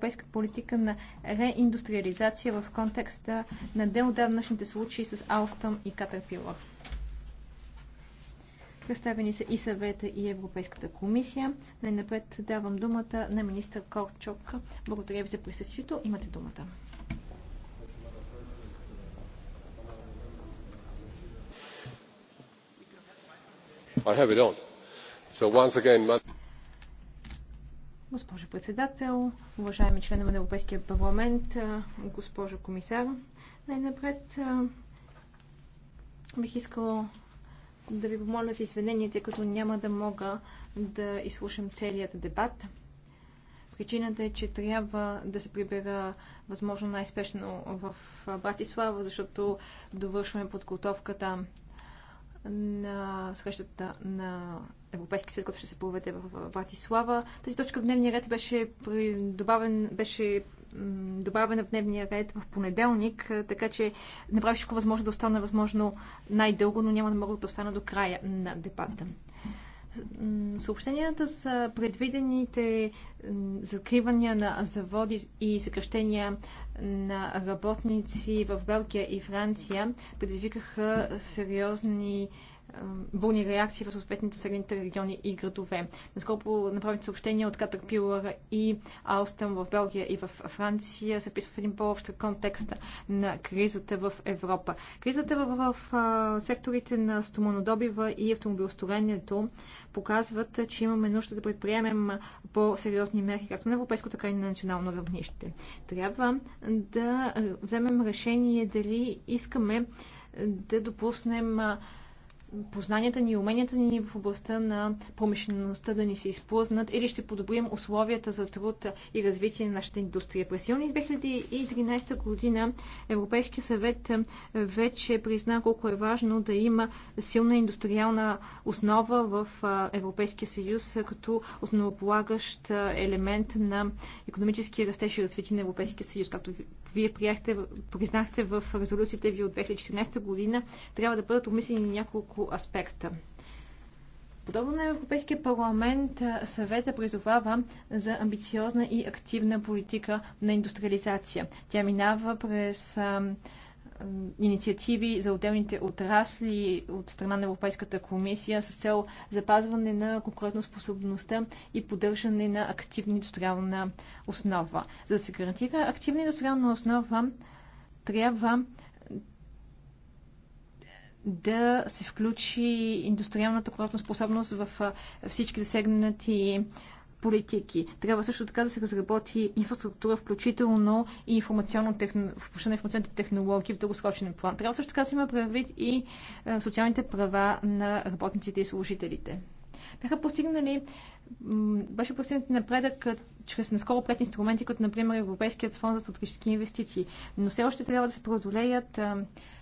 европейска политика на реиндустриализация в контекста на неодавнашните случаи с Алстъм и Катърпилър. Представени са и съвета и Европейската комисия. Най-напред давам думата на министър Корчок. Благодаря ви за присъствието. Имате думата. I have it on. So once again, Госпожо председател, уважаеми членове на Европейския парламент, госпожо комисар, най-напред бих искала да ви помоля за извинение, тъй като няма да мога да изслушам целият дебат. Причината е, че трябва да се прибера възможно най-спешно в Братислава, защото довършваме подготовката на срещата на Европейски съвет, който ще се проведе в Братислава. Тази точка в дневния ред беше, добавен, беше добавена в дневния ред в понеделник, така че направих всичко възможно да остана възможно най-дълго, но няма да мога да остана до края на дебата. Съобщенията са предвидените закривания на заводи и съкръщения на работници в Белгия и Франция предизвикаха сериозни бурни реакции в съответните средните региони и градове. Наскоро направите съобщения от Катърпилър и Алстън в Белгия и в Франция се писва в един по-общ контекст на кризата в Европа. Кризата в, в, в секторите на стоманодобива и автомобилостроението показват, че имаме нужда да предприемем по-сериозни мерки, както на европейско, така и на национално равнище. Трябва да вземем решение дали искаме да допуснем познанията ни и уменията ни в областта на промишлеността да ни се изплъзнат или ще подобрим условията за труд и развитие на нашата индустрия. През юни 2013 година Европейския съвет вече призна колко е важно да има силна индустриална основа в Европейския съюз като основополагащ елемент на економически растеж и развитие на Европейския съюз. Както вие приехте, признахте в резолюцията ви от 2014 година, трябва да бъдат обмислени няколко аспекта. Подобно на Европейския парламент, съвета призовава за амбициозна и активна политика на индустриализация. Тя минава през инициативи за отделните отрасли от страна на Европейската комисия с цел запазване на конкурентоспособността и поддържане на активна индустриална основа. За да се гарантира активна индустриална основа, трябва да се включи индустриалната конкурентоспособност в всички засегнати политики. Трябва също така да се разработи инфраструктура, включително и информационно техно... на информационните технологии в дългосрочен план. Трябва също така да се има предвид и е, социалните права на работниците и служителите. Бяха постигнали беше постигнат напредък чрез наскоро пред инструменти, като например Европейският фонд за стратегически инвестиции. Но все още трябва да се преодолеят а,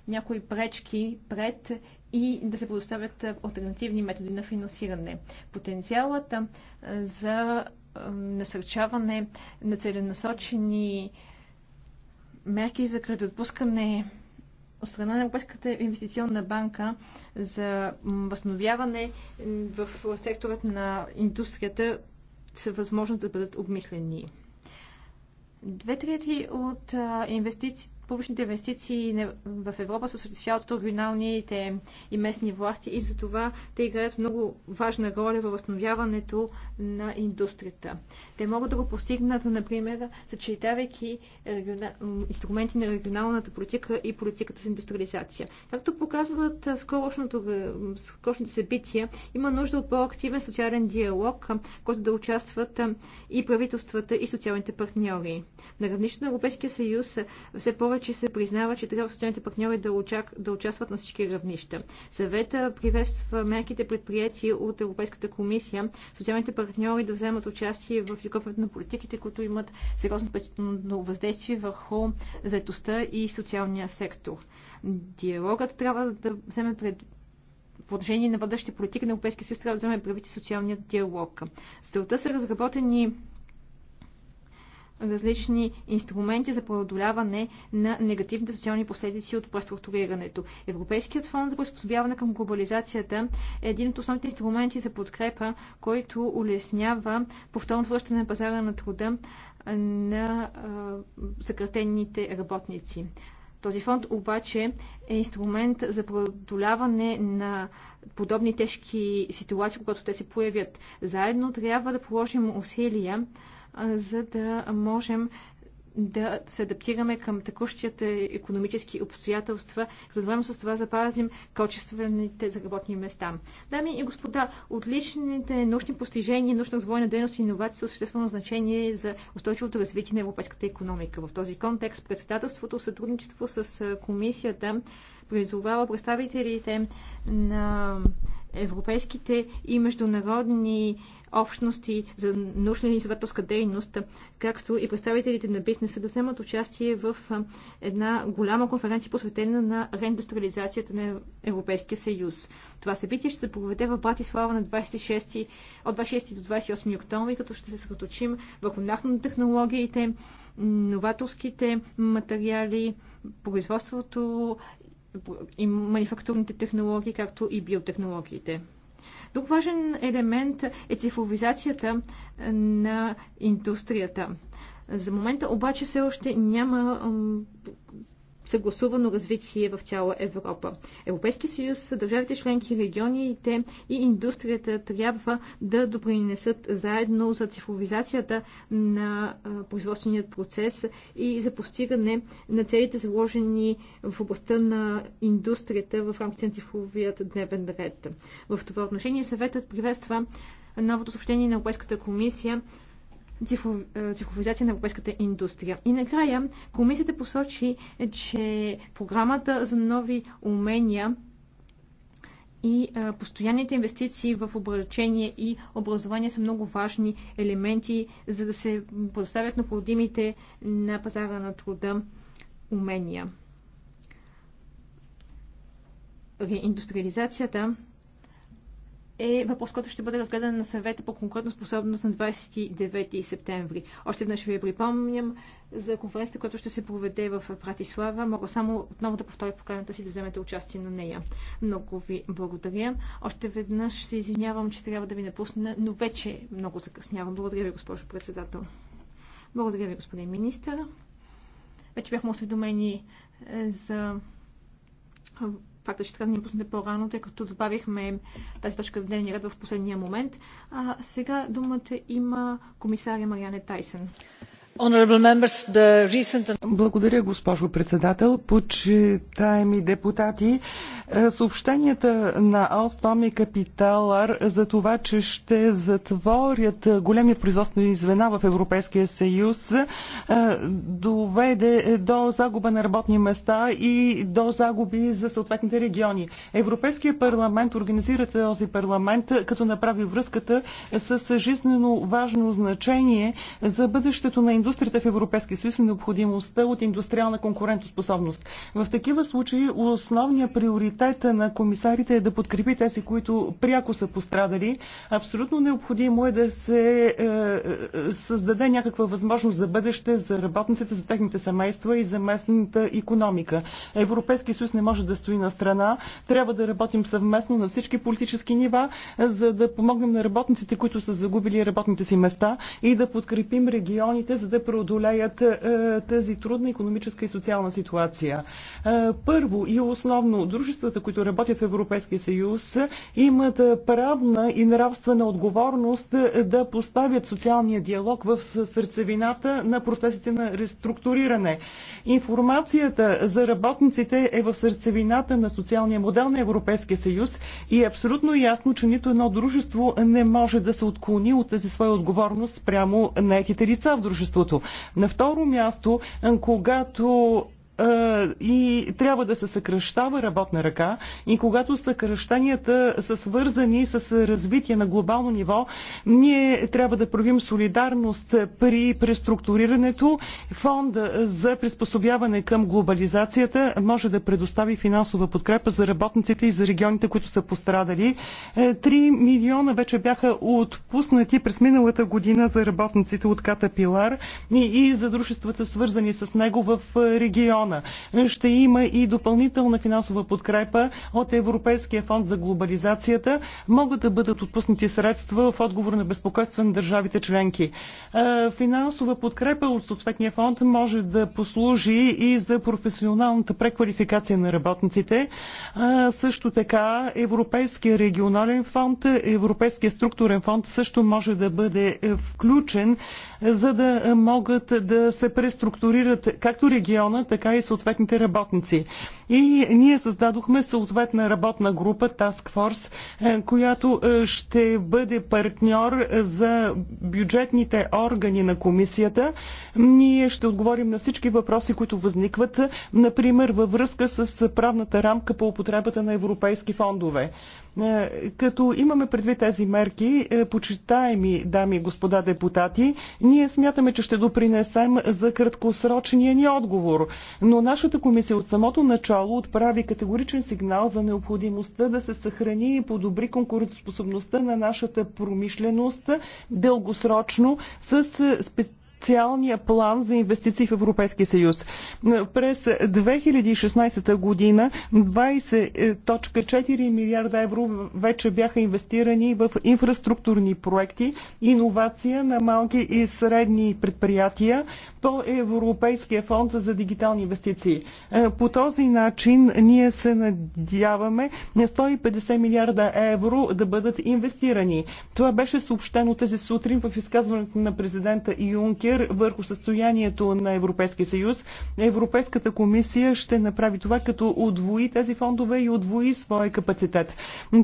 някои пречки пред и да се предоставят альтернативни методи на финансиране. Потенциалът за насърчаване на целенасочени мерки за кредитопускане от страна на Европейската инвестиционна банка за възстановяване в секторът на индустрията са възможно да бъдат обмислени. Две трети от инвестициите публичните инвестиции в Европа се осъществяват от регионалните и местни власти и затова те играят много важна роля в възстановяването на индустрията. Те могат да го постигнат, например, съчетавайки инструменти на регионалната политика и политиката за индустриализация. Както показват скорошните събития, има нужда от по-активен социален диалог, който да участват и правителствата, и социалните партньори. На равнището на Европейския съюз все повече повече се признава, че трябва социалните партньори да, очак, да участват на всички равнища. Съвета приветства мерките предприяти от Европейската комисия, социалните партньори да вземат участие в изготвянето на политиките, които имат сериозно въздействие върху заетостта и социалния сектор. Диалогът трябва да вземе пред, продължение на водещите политики на Европейския съюз трябва да вземе правите социалния диалог. С целта са разработени различни инструменти за преодоляване на негативните социални последици от преструктурирането. Европейският фонд за приспособяване към глобализацията е един от основните инструменти за подкрепа, който улеснява повторното връщане на пазара на труда на съкратените работници. Този фонд обаче е инструмент за преодоляване на подобни тежки ситуации, когато те се появят. Заедно трябва да положим усилия за да можем да се адаптираме към текущите економически обстоятелства, като време с това запазим качествените заработни места. Дами и господа, отличните научни постижения, научна развойна дейност и иновации са съществено значение за устойчивото развитие на европейската економика. В този контекст председателството в сътрудничество с комисията призовава представителите на европейските и международни общности за научна и изследователска дейност, както и представителите на бизнеса да вземат участие в една голяма конференция, посветена на реиндустриализацията на Европейския съюз. Това събитие ще се проведе в Братислава на 26, от 26 до 28 октомври, като ще се съсредоточим върху технологиите, новаторските материали, производството и манифактурните технологии, както и биотехнологиите. Друг важен елемент е цифровизацията на индустрията. За момента обаче все още няма съгласувано развитие в цяла Европа. Европейски съюз, държавите членки, регионите и индустрията трябва да допринесат заедно за цифровизацията на производственият процес и за постигане на целите заложени в областта на индустрията в рамките на цифровият дневен ред. В това отношение съветът приветства новото съобщение на Европейската комисия е, цифровизация на европейската индустрия. И накрая комисията посочи, че програмата за нови умения и е, постоянните инвестиции в обучение и образование са много важни елементи, за да се предоставят необходимите на пазара на труда умения. Реиндустриализацията е въпрос, който ще бъде разгледан на съвета по конкретна способност на 29 септември. Още веднъж ви припомням за конференцията, която ще се проведе в Пратислава. Мога само отново да повторя поканата си да вземете участие на нея. Много ви благодаря. Още веднъж се извинявам, че трябва да ви напусна, но вече много закъснявам. Благодаря ви, госпожо председател. Благодаря ви, господин министър. Вече бяхме осведомени е, за факта, че трябва да ни пуснете по-рано, тъй като добавихме тази точка в дневния ред в последния момент. А сега думата има комисаря Мариане Тайсен. Благодаря, госпожо председател. Почитаеми депутати, е, съобщенията на Алстом и Капиталар за това, че ще затворят големи производствени звена в Европейския съюз, е, доведе до загуба на работни места и до загуби за съответните региони. Европейския парламент организира този парламент, е, като направи връзката с жизнено важно значение за бъдещето на индустрията индустрията в Европейския съюз и необходимостта от индустриална конкурентоспособност. В такива случаи основният приоритет на комисарите е да подкрепи тези, които пряко са пострадали. Абсолютно необходимо е да се е, е създаде някаква възможност за бъдеще за работниците, за техните семейства и за местната економика. Европейския съюз не може да стои на страна. Трябва да работим съвместно на всички политически нива, за да помогнем на работниците, които са загубили работните си места и да подкрепим регионите, за да да преодолеят е, тази трудна економическа и социална ситуация. Е, първо и основно, дружествата, които работят в Европейския съюз, имат е, правна и нравствена отговорност да поставят социалния диалог в сърцевината на процесите на реструктуриране. Информацията за работниците е в сърцевината на социалния модел на Европейския съюз и е абсолютно ясно, че нито едно дружество не може да се отклони от тази своя отговорност спрямо етите лица в дружеството другото. На второ място, когато и трябва да се съкръщава работна ръка и когато съкръщенията са свързани с развитие на глобално ниво, ние трябва да правим солидарност при преструктурирането. Фонда за приспособяване към глобализацията може да предостави финансова подкрепа за работниците и за регионите, които са пострадали. 3 е, милиона вече бяха отпуснати през миналата година за работниците от Катапилар и за дружествата свързани с него в е, региона милиона. Ще има и допълнителна финансова подкрепа от Европейския фонд за глобализацията. Могат да бъдат отпуснати средства в отговор на безпокойство на държавите членки. Е, финансова подкрепа от съответния фонд може да послужи и за професионалната преквалификация на работниците. Е, също така Европейския регионален фонд, Европейския структурен фонд също може да бъде е, включен за да могат да се преструктурират както региона, така и съответните работници. И ние създадохме съответна работна група Task Force, е, която е, ще бъде партньор за бюджетните органи на комисията. Ние ще отговорим на всички въпроси, които възникват, например във връзка с правната рамка по употребата на европейски фондове. Е, като имаме предвид тези мерки, е, почитаеми дами и господа депутати, ние смятаме, че ще допринесем за краткосрочния ни отговор. Но нашата комисия от самото начало отправи категоричен сигнал за необходимостта да се съхрани и подобри конкурентоспособността на нашата промишленост дългосрочно с специализирани Специалния план за инвестиции в Европейския съюз. През 2016 година 20.4 милиарда евро вече бяха инвестирани в инфраструктурни проекти, иновация на малки и средни предприятия по Европейския фонд за дигитални инвестиции. По този начин ние се надяваме 150 милиарда евро да бъдат инвестирани. Това беше съобщено тези сутрин в изказването на президента Юнки Юнкер върху състоянието на Европейския съюз. Европейската комисия ще направи това, като отвои тези фондове и отвои своя капацитет.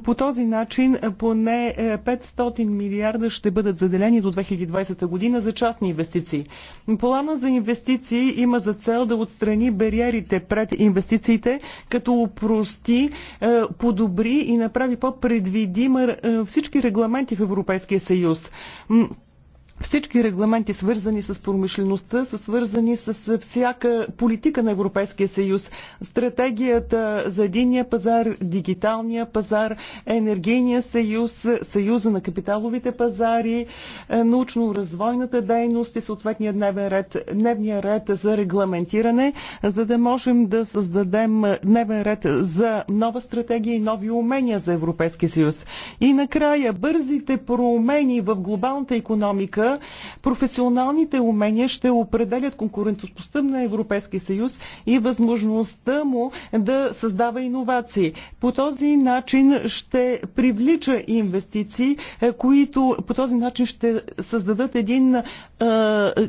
По този начин поне 500 е, милиарда ще бъдат заделени до 2020 година за частни инвестиции. Плана за инвестиции има за цел да отстрани бариерите пред инвестициите, като упрости, е, подобри и направи по-предвидима е, всички регламенти в Европейския съюз. Всички регламенти, свързани с промишлеността, са свързани с всяка политика на Европейския съюз. Стратегията за единия пазар, дигиталния пазар, енергийния съюз, съюза на капиталовите пазари, е, научно-развойната дейност и съответния дневен ред, дневния ред за регламентиране, за да можем да създадем дневен ред за нова стратегия и нови умения за Европейския съюз. И накрая, бързите промени в глобалната економика Професионалните умения ще определят конкурентоспостта на Европейския съюз и възможността му да създава иновации. По този начин ще привлича инвестиции, е, които по този начин ще създадат един е,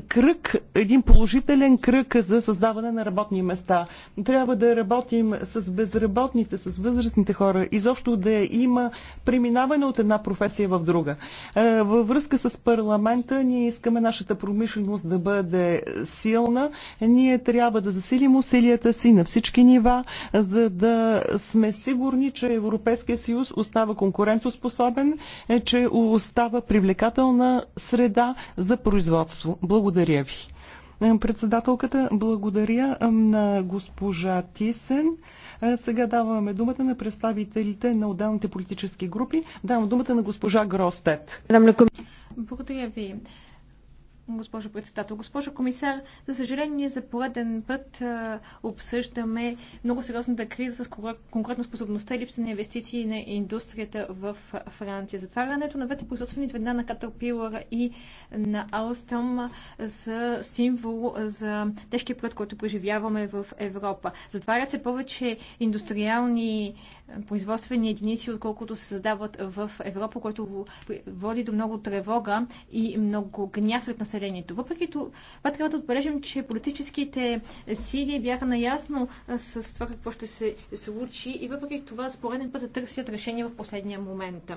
кръг, един положителен кръг за създаване на работни места. Трябва да работим с безработните, с възрастните хора, изобщо да има преминаване от една професия в друга. Е, във връзка с парламент момента Ние искаме нашата промишленост да бъде силна. Ние трябва да засилим усилията си на всички нива, за да сме сигурни, че Европейския съюз остава конкурентоспособен, е, че остава привлекателна среда за производство. Благодаря ви. Е, председателката, благодаря е, на госпожа Тисен. Е, сега даваме думата на представителите на отделните политически групи. Давам думата на госпожа Гростет. Благодаря ви госпожо председател. Госпожо комисар, за съжаление за пореден път а, обсъждаме много сериозната криза с конкретно способността и липса на инвестиции на индустрията в Франция. Затварянето на двете производствени звена на Катърпилър и на Алстъм са символ за тежкия път, който преживяваме в Европа. Затварят се повече индустриални производствени единици, отколкото се създават в Европа, което води до много тревога и много гняв сред населението населението. Въпреки това трябва да отбележим, че политическите сили бяха наясно с това какво ще се случи и въпреки това за пореден път да търсят решение в последния момент.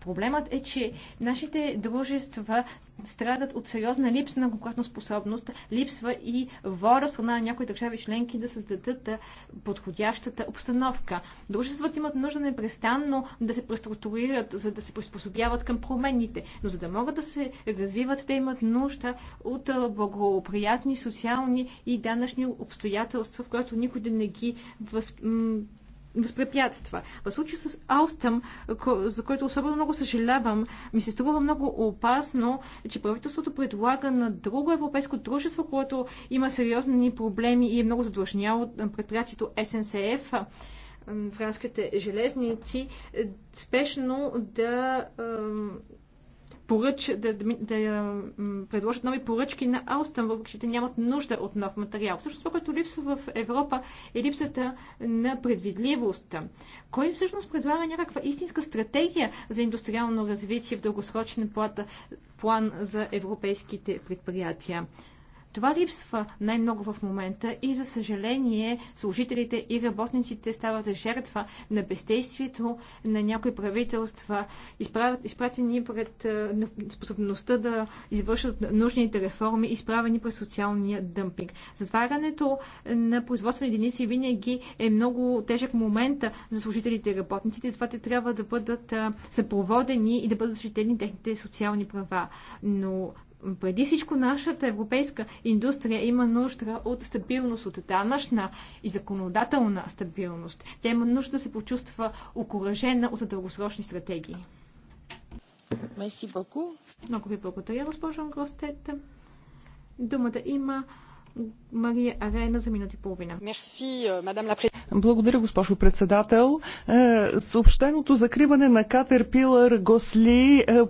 Проблемът е, че нашите дружества страдат от сериозна липса на конкурентна способност, липсва и воля страна на някои държави членки да създадат подходящата обстановка. Дружествата имат нужда непрестанно да се преструктурират, за да се приспособяват към промените, но за да могат да се развиват, те имат нужда от благоприятни социални и данъчни обстоятелства, в които никой да не ги възп възпрепятства. В случая с Алстъм, за който особено много съжалявам, ми се струва много опасно, че правителството предлага на друго европейско дружество, което има сериозни проблеми и е много задлъжняло предприятието СНСФ, франските железници, е, спешно да поръч, да, да, да предложат нови поръчки на Алстън, въпреки че те нямат нужда от нов материал. Всъщност това, което липсва в Европа е липсата на предвидливост. Кой всъщност предлага някаква истинска стратегия за индустриално развитие в дългосрочен план за европейските предприятия? Това липсва най-много в момента и за съжаление служителите и работниците стават жертва на бездействието на някои правителства, изпратени пред способността да извършат нужните реформи, изправени през социалния дъмпинг. Затварянето на производствени единици винаги е много тежък момент за служителите и работниците, затова те трябва да бъдат съпроводени и да бъдат защитени техните социални права. Но преди всичко нашата европейска индустрия има нужда от стабилност, от данъчна и законодателна стабилност. Тя има нужда да се почувства окоръжена от дългосрочни стратегии. Меси Баку. Много ви благодаря, госпожо Гростет. Думата има Мария Арена за минути и половина. Euh, Благодаря, госпожо председател. Е, съобщеното закриване на Катерпилър Госли е, е,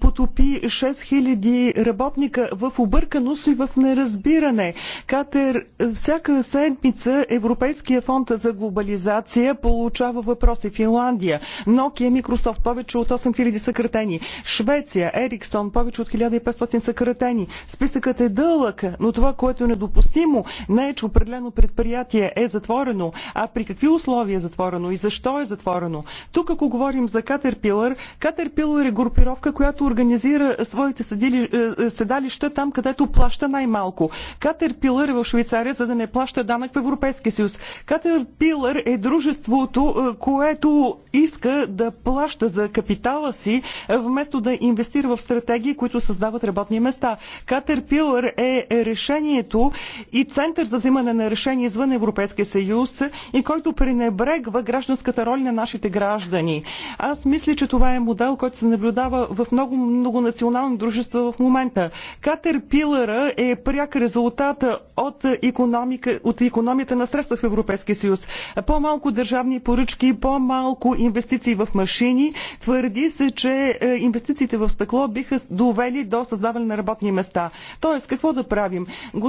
потопи 6000 работника в обърканост и в неразбиране. Катер, всяка седмица Европейския фонд за глобализация получава въпроси. Финландия, Nokia, Microsoft, повече от 8000 съкратени. Швеция, Ериксон, повече от 1500 съкратени. Списъкът е дълъг, но това, което което е недопустимо, не е, че определено предприятие е затворено, а при какви условия е затворено и защо е затворено. Тук, ако говорим за Катерпилър, Катерпилър е групировка, която организира своите съдили, е, е, седалища там, където плаща най-малко. Катерпилър е в Швейцария, за да не плаща данък в Европейския съюз. Катерпилър е дружеството, е, което иска да плаща за капитала си, вместо да инвестира в стратегии, които създават работни места. Катерпилър е решението положението и център за взимане на решения извън Европейския съюз и който пренебрегва гражданската роля на нашите граждани. Аз мисля, че това е модел, който се наблюдава в много многонационални дружества в момента. Катерпилъра е пряк резултат от, економика, от економията на средства в Европейския съюз. По-малко държавни поръчки, по-малко инвестиции в машини. Твърди се, че е, инвестициите в стъкло биха довели до създаване на работни места. Тоест, какво да правим?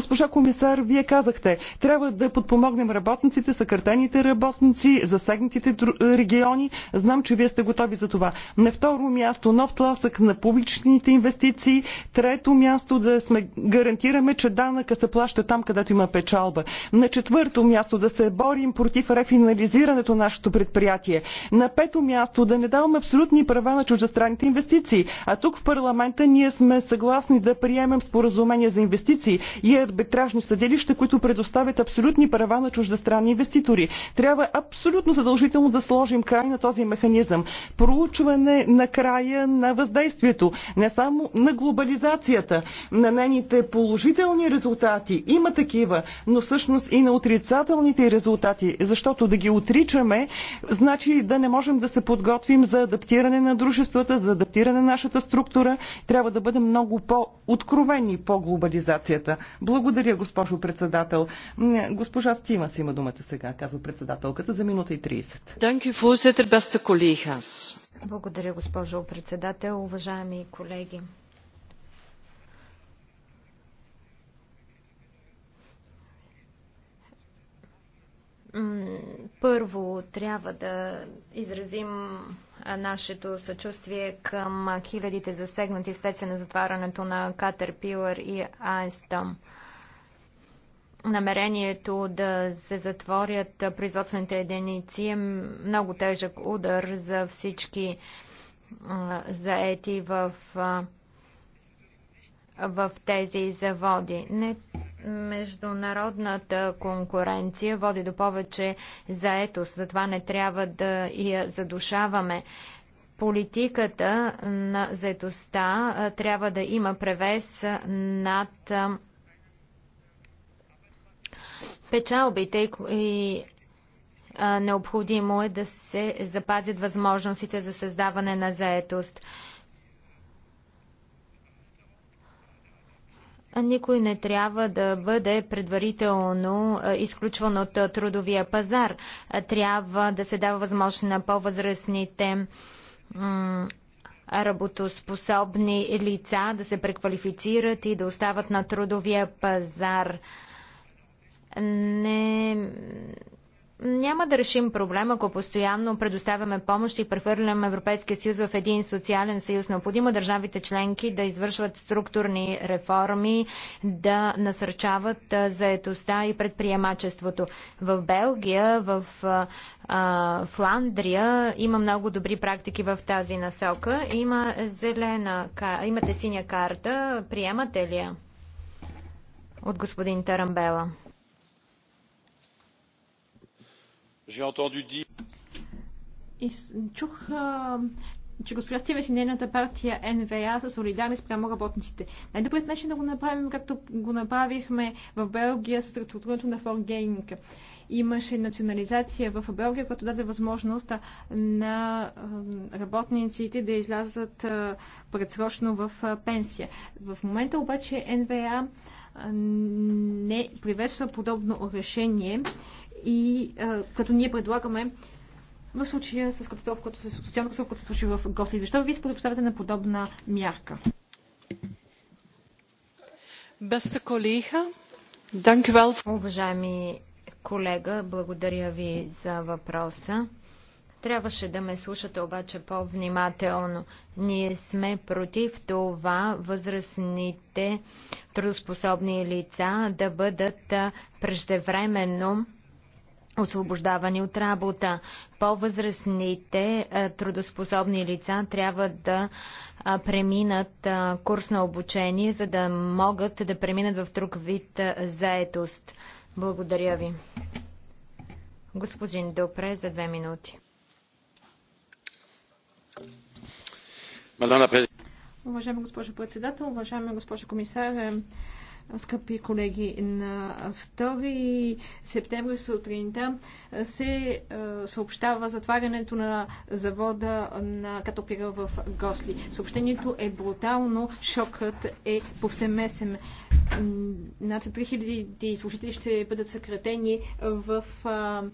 Госпожа комисар, вие казахте, трябва да подпомогнем работниците, съкратените работници, засегнатите региони. Знам, че вие сте готови за това. На второ място, нов тласък на публичните инвестиции. Трето място, да сме гарантираме, че данъка се плаща там, където има печалба. На четвърто място, да се борим против рефинализирането на нашето предприятие. На пето място, да не даваме абсолютни права на чуждестранните инвестиции. А тук в парламента ние сме съгласни да приемем споразумение за инвестиции и арбитражни съдилища, които предоставят абсолютни права на чуждестранни инвеститори. Трябва абсолютно задължително да сложим край на този механизъм. Проучване на края на въздействието, не само на глобализацията, на нейните положителни резултати. Има такива, но всъщност и на отрицателните резултати, защото да ги отричаме, значи да не можем да се подготвим за адаптиране на дружествата, за адаптиране на нашата структура. Трябва да бъдем много по-откровени по глобализацията. Благодаря благодаря, госпожо председател. Госпожа Стимас има думата сега, казва председателката, за минута и 30. Благодаря, госпожо председател, уважаеми колеги. първо трябва да изразим нашето съчувствие към хилядите засегнати вследствие на затварянето на Катерпилър и Айстъм намерението да се затворят производствените единици е много тежък удар за всички заети в, в тези заводи. Не, международната конкуренция води до повече заетост, затова не трябва да я задушаваме. Политиката на заетостта трябва да има превес над печалбите и а, необходимо е да се запазят възможностите за създаване на заетост. Никой не трябва да бъде предварително изключван от трудовия пазар. Трябва да се дава възможност на по-възрастните работоспособни лица да се преквалифицират и да остават на трудовия пазар не няма да решим проблема, ако постоянно предоставяме помощ и прехвърляме Европейския съюз в един социален съюз. Необходимо държавите членки да извършват структурни реформи, да насърчават заетостта и предприемачеството. В Белгия, в а, Фландрия има много добри практики в тази насока. Има зелена, имате синя карта. Приемате ли я? От господин Тарамбела. И чух, че госпожа Стивес и нейната партия НВА са солидарни спрямо работниците. Най-добрият начин да го направим, както го направихме в Белгия с структурирането на Форгейнг. Имаше национализация в Белгия, която даде възможност на работниците да излязат предсрочно в пенсия. В момента обаче НВА не приветства подобно решение и а, като ние предлагаме в случая с катастрофа, която се, социална катастрофа, която се случи в Гости, Защо вие се на подобна мярка? Беста колега, Уважаеми колега, благодаря ви за въпроса. Трябваше да ме слушате обаче по-внимателно. Ние сме против това възрастните трудоспособни лица да бъдат преждевременно освобождавани от работа. По-възрастните трудоспособни лица трябва да преминат курс на обучение, за да могат да преминат в друг вид заетост. Благодаря ви. Господин Допре за две минути. Уважаема госпожо председател, уважаема госпожо комисар, скъпи колеги, на 2 септември сутринта се е, съобщава затварянето на завода на Катопира в Госли. Съобщението е брутално, шокът е повсемесен. Над 3000 служители ще бъдат съкратени в е,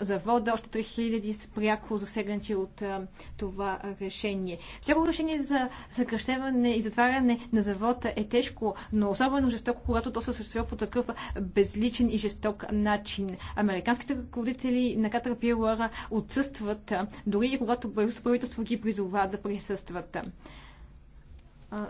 завода, още 3000 са пряко засегнати от а, това решение. Всяко решение за съкръщаване и затваряне на завода е тежко, но особено жестоко, когато то се осъществява по такъв безличен и жесток начин. Американските ръководители на Катърпилъра отсъстват, дори и когато правителство ги призова да присъстват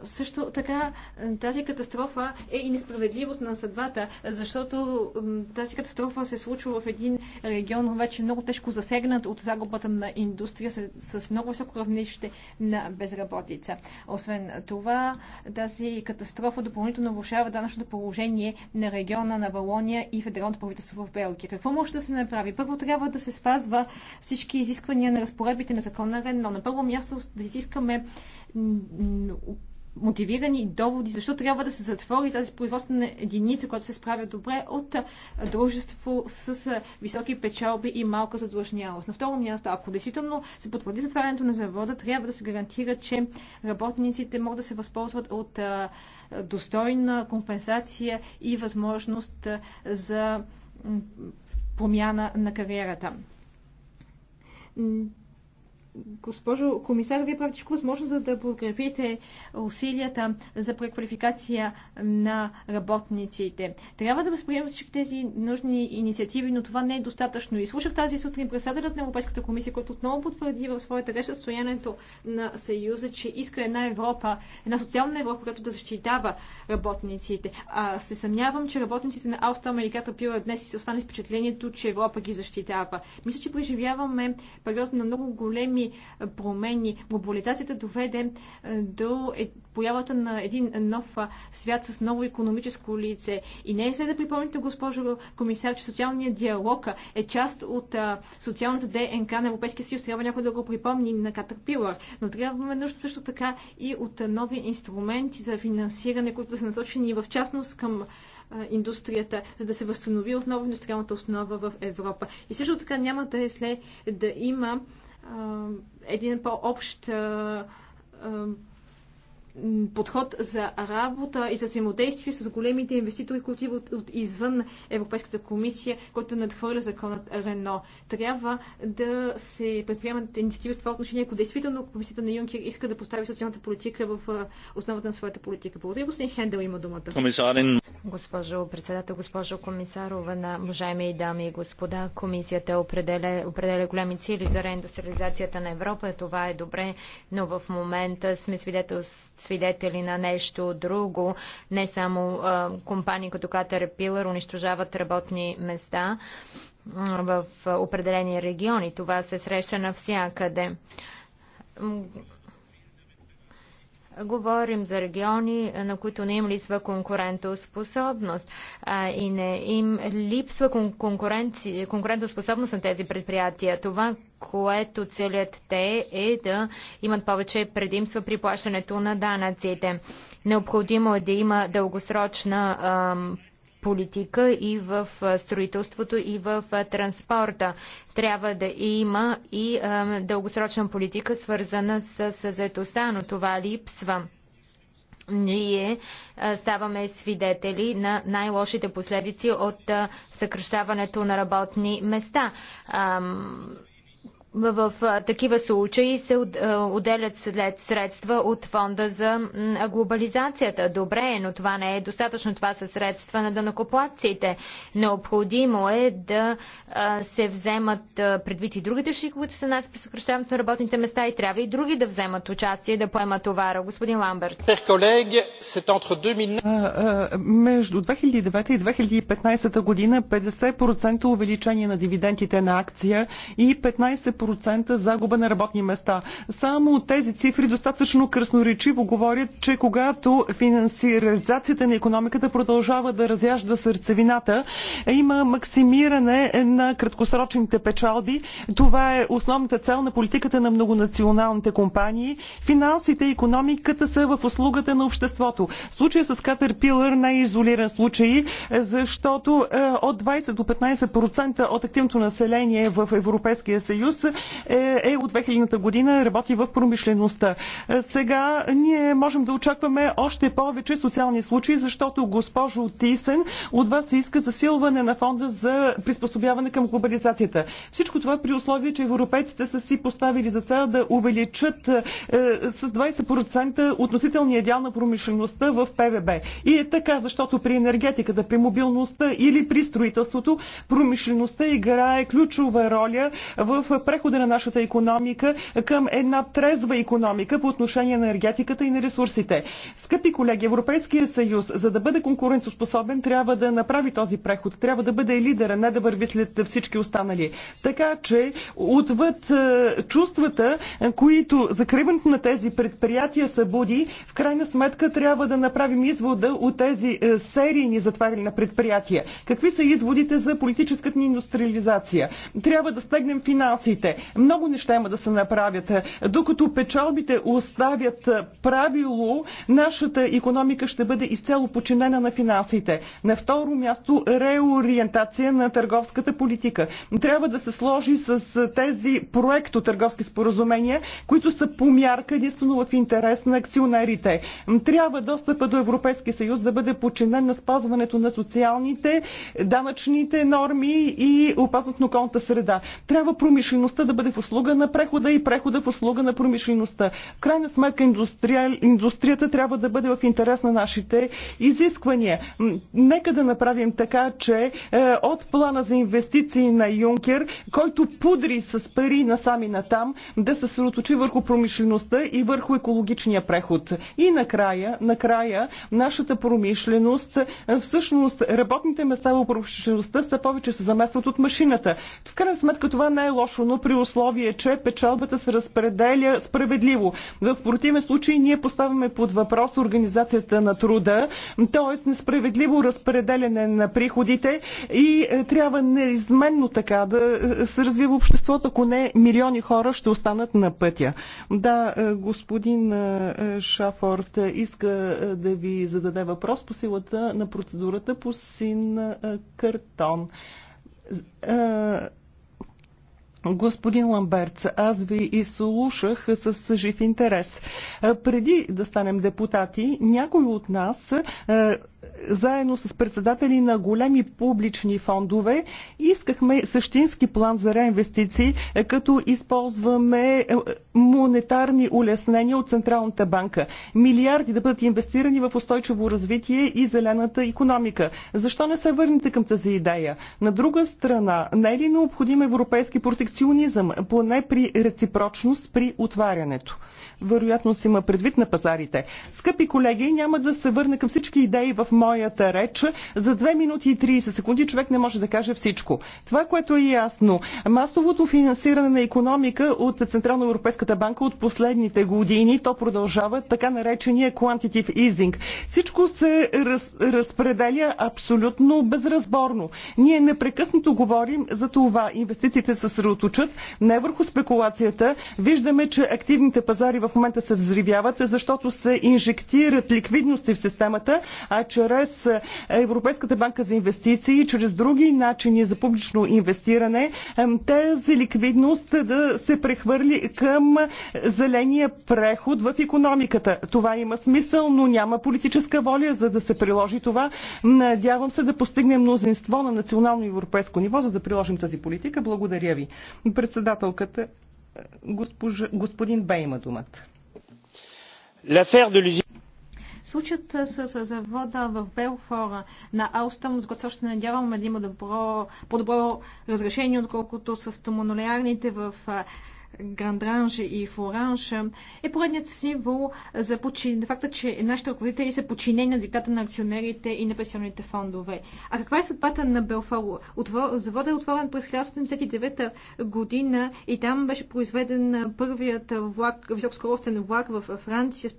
също така тази катастрофа е и несправедливост на съдбата, защото тази катастрофа се случва в един регион, вече много тежко засегнат от загубата на индустрия с, с много високо равнище на безработица. Освен това, тази катастрофа допълнително влушава данъчното положение на региона на Валония и федералното правителство в Белгия. Какво може да се направи? Първо трябва да се спазва всички изисквания на разпоредбите на закона но На първо място да изискаме мотивирани доводи, защо трябва да се затвори тази производствена единица, която се справя добре от дружество с високи печалби и малка задлъжнялост. На второ място, ако действително се потвърди затварянето на завода, трябва да се гарантира, че работниците могат да се възползват от достойна компенсация и възможност за промяна на кариерата Госпожо комисар, вие правите всичко възможно, за да подкрепите усилията за преквалификация на работниците. Трябва да възприемем всички тези нужни инициативи, но това не е достатъчно. И слушах тази сутрин председателят на Европейската комисия, който отново потвърди в своята реч състоянието на Съюза, че иска една Европа, една социална Европа, която да защитава работниците. А се съмнявам, че работниците на Алста Америката пива днес и се остане впечатлението, че Европа ги защитава. Мисля, че преживяваме период на много големи промени. Глобализацията доведе до е, появата на един нов свят с ново економическо лице. И не е след да припомните, госпожо комисар, че социалният диалог е част от социалната ДНК на Европейския съюз. Трябва някой да го припомни на Катърпилър. Но трябваме нужда също така и от нови инструменти за финансиране, които са насочени в частност към индустрията, за да се възстанови отново индустриалната основа в Европа. И също така няма да е след да има един по-общ подход за работа и за взаимодействие с големите инвеститори, които идват от извън Европейската комисия, който надхвърля законът Рено. Трябва да се предприемат инициативи в това отношение, ако действително комисията на Юнкер иска да постави социалната политика в основата на своята политика. Благодаря, господин Хендел има думата. Комисарин. Госпожо председател, госпожо комисарова, на уважаеми дами и господа, комисията определя, определя големи цели за реиндустриализацията на Европа. Това е добре, но в момента сме свидетелството свидетели на нещо друго. Не само а, компании като Caterpillar унищожават работни места в определени региони. Това се среща навсякъде Говорим за региони, на които не им липсва конкурентоспособност а, и не им липсва конкуренци... конкурентоспособност на тези предприятия. Това, което целят те е да имат повече предимства при плащането на данъците. Необходимо е да има дългосрочна ам, политика и в строителството, и в транспорта. Трябва да има и дългосрочна политика, свързана с, с заетостта, но това липсва. Ние ставаме свидетели на най-лошите последици от съкръщаването на работни места. Ам в такива случаи се отделят след средства от фонда за глобализацията. Добре, е, но това не е достатъчно. Това са средства на данокоплатците. Необходимо е да се вземат предвид и другите ши, които са нас при съкръщаването на работните места и трябва и други да вземат участие да поемат товара. Господин Ламберт. Между 2009 и 2015 година 50% увеличение на дивидендите на акция и 15% 10% загуба на работни места. Само тези цифри достатъчно красноречиво говорят, че когато финансиризацията на економиката продължава да разяжда сърцевината, има максимиране на краткосрочните печалби. Това е основната цел на политиката на многонационалните компании. Финансите и економиката са в услугата на обществото. Случая с Caterpillar не е изолиран случай, защото е, от 20 до 15% от активното население в Европейския съюз е, е от 2000 година, работи в промишлеността. Е, сега ние можем да очакваме още повече социални случаи, защото госпожо Тисен от вас се иска засилване на фонда за приспособяване към глобализацията. Всичко това при условие, че европейците са си поставили за цел да увеличат е, с 20% относителния дял на промишлеността в ПВБ. И е така, защото при енергетиката, при мобилността или при строителството промишлеността играе ключова роля в пред прехода на нашата економика към една трезва економика по отношение на енергетиката и на ресурсите. Скъпи колеги, Европейския съюз, за да бъде конкурентоспособен, трябва да направи този преход. Трябва да бъде лидера, не да върви след всички останали. Така че, отвъд е, чувствата, които закриването на тези предприятия събуди, в крайна сметка трябва да направим извода от тези е, серийни затваряли на предприятия. Какви са изводите за политическата ни индустриализация? Трябва да стегнем финансите печалбите. Много неща има да се направят. Докато печалбите оставят правило, нашата економика ще бъде изцяло подчинена на финансите. На второ място реориентация на търговската политика. Трябва да се сложи с тези проекто търговски споразумения, които са по мярка единствено в интерес на акционерите. Трябва достъпа до Европейския съюз да бъде подчинен на спазването на социалните, данъчните норми и опазването на околната среда. Трябва промишлеността промишлеността да бъде в услуга на прехода и прехода в услуга на промишлеността. В крайна сметка индустрия, индустрията трябва да бъде в интерес на нашите изисквания. Нека да направим така, че е, от плана за инвестиции на Юнкер, който пудри с пари сами на там, да се съсредоточи върху промишлеността и върху екологичния преход. И накрая, накрая, нашата промишленост, е, всъщност работните места в промишлеността все повече се заместват от машината. В крайна сметка това не е лошо, но при условие, че печалбата се разпределя справедливо. В противен случай ние поставяме под въпрос организацията на труда, т.е. несправедливо разпределяне на приходите и е, трябва неизменно така да е, се развива обществото, ако не милиони хора ще останат на пътя. Да, е, господин Шафорт иска да ви зададе въпрос по силата на процедурата по син картон. Господин Ламберц, аз ви изслушах с жив интерес. Преди да станем депутати, някои от нас е, заедно с председатели на големи публични фондове, искахме същински план за реинвестиции, е, като използваме е, монетарни улеснения от Централната банка. Милиарди да бъдат инвестирани в устойчиво развитие и зелената економика. Защо не се върнете към тази идея? На друга страна, не е ли необходим европейски протекционизъм, поне при реципрочност при отварянето? вероятно си има предвид на пазарите. Скъпи колеги, няма да се върна към всички идеи в моята реч. За 2 минути и 30 секунди човек не може да каже всичко. Това, което е ясно, масовото финансиране на економика от Централно-Европейската банка от последните години, то продължава така наречения quantitative easing. Всичко се раз, разпределя абсолютно безразборно. Ние непрекъснато говорим за това. Инвестициите се съсредоточат не върху спекулацията. Виждаме, че активните пазари в в момента се взривяват, защото се инжектират ликвидности в системата, а чрез е, Европейската банка за инвестиции и чрез други начини за публично инвестиране, е, тези ликвидност да се прехвърли към зеления преход в економиката. Това има смисъл, но няма политическа воля за да се приложи това. Надявам се да постигнем мнозинство на национално и европейско ниво, за да приложим тази политика. Благодаря ви. Председателката господин Бе има думата. Случат с завода в Белфора на Алстъм, с което се надяваме да има добро, по-добро разрешение, отколкото с томонолярните в Грандранж и Флоранж е поредният символ за почин... факта, че нашите ръководители са подчинени на диктата на акционерите и на пенсионните фондове. А каква е съдбата на Белфало? Отвор... Заводът е отворен през 1979 година и там беше произведен първият влак, високоскоростен влак в Франция,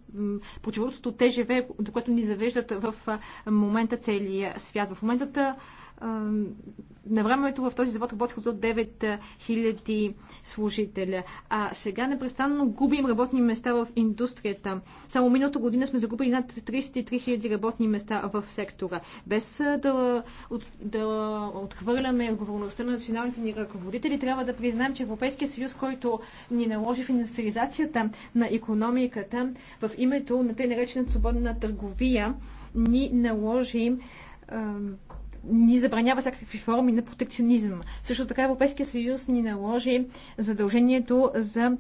противодството ТЖВ, за което ни завеждат в момента целия свят. В момента на времето в този завод работиха до 9000 служителя. А сега непрестанно губим работни места в индустрията. Само миналата година сме загубили над 33 000 работни места в сектора. Без да, от, да отхвърляме отговорността на националните ни ръководители, трябва да признаем, че Европейския съюз, който ни наложи в индустриализацията на економиката в името на те наречената свободна търговия, ни наложи ни забранява всякакви форми на протекционизъм. Също така Европейския съюз ни наложи задължението за е,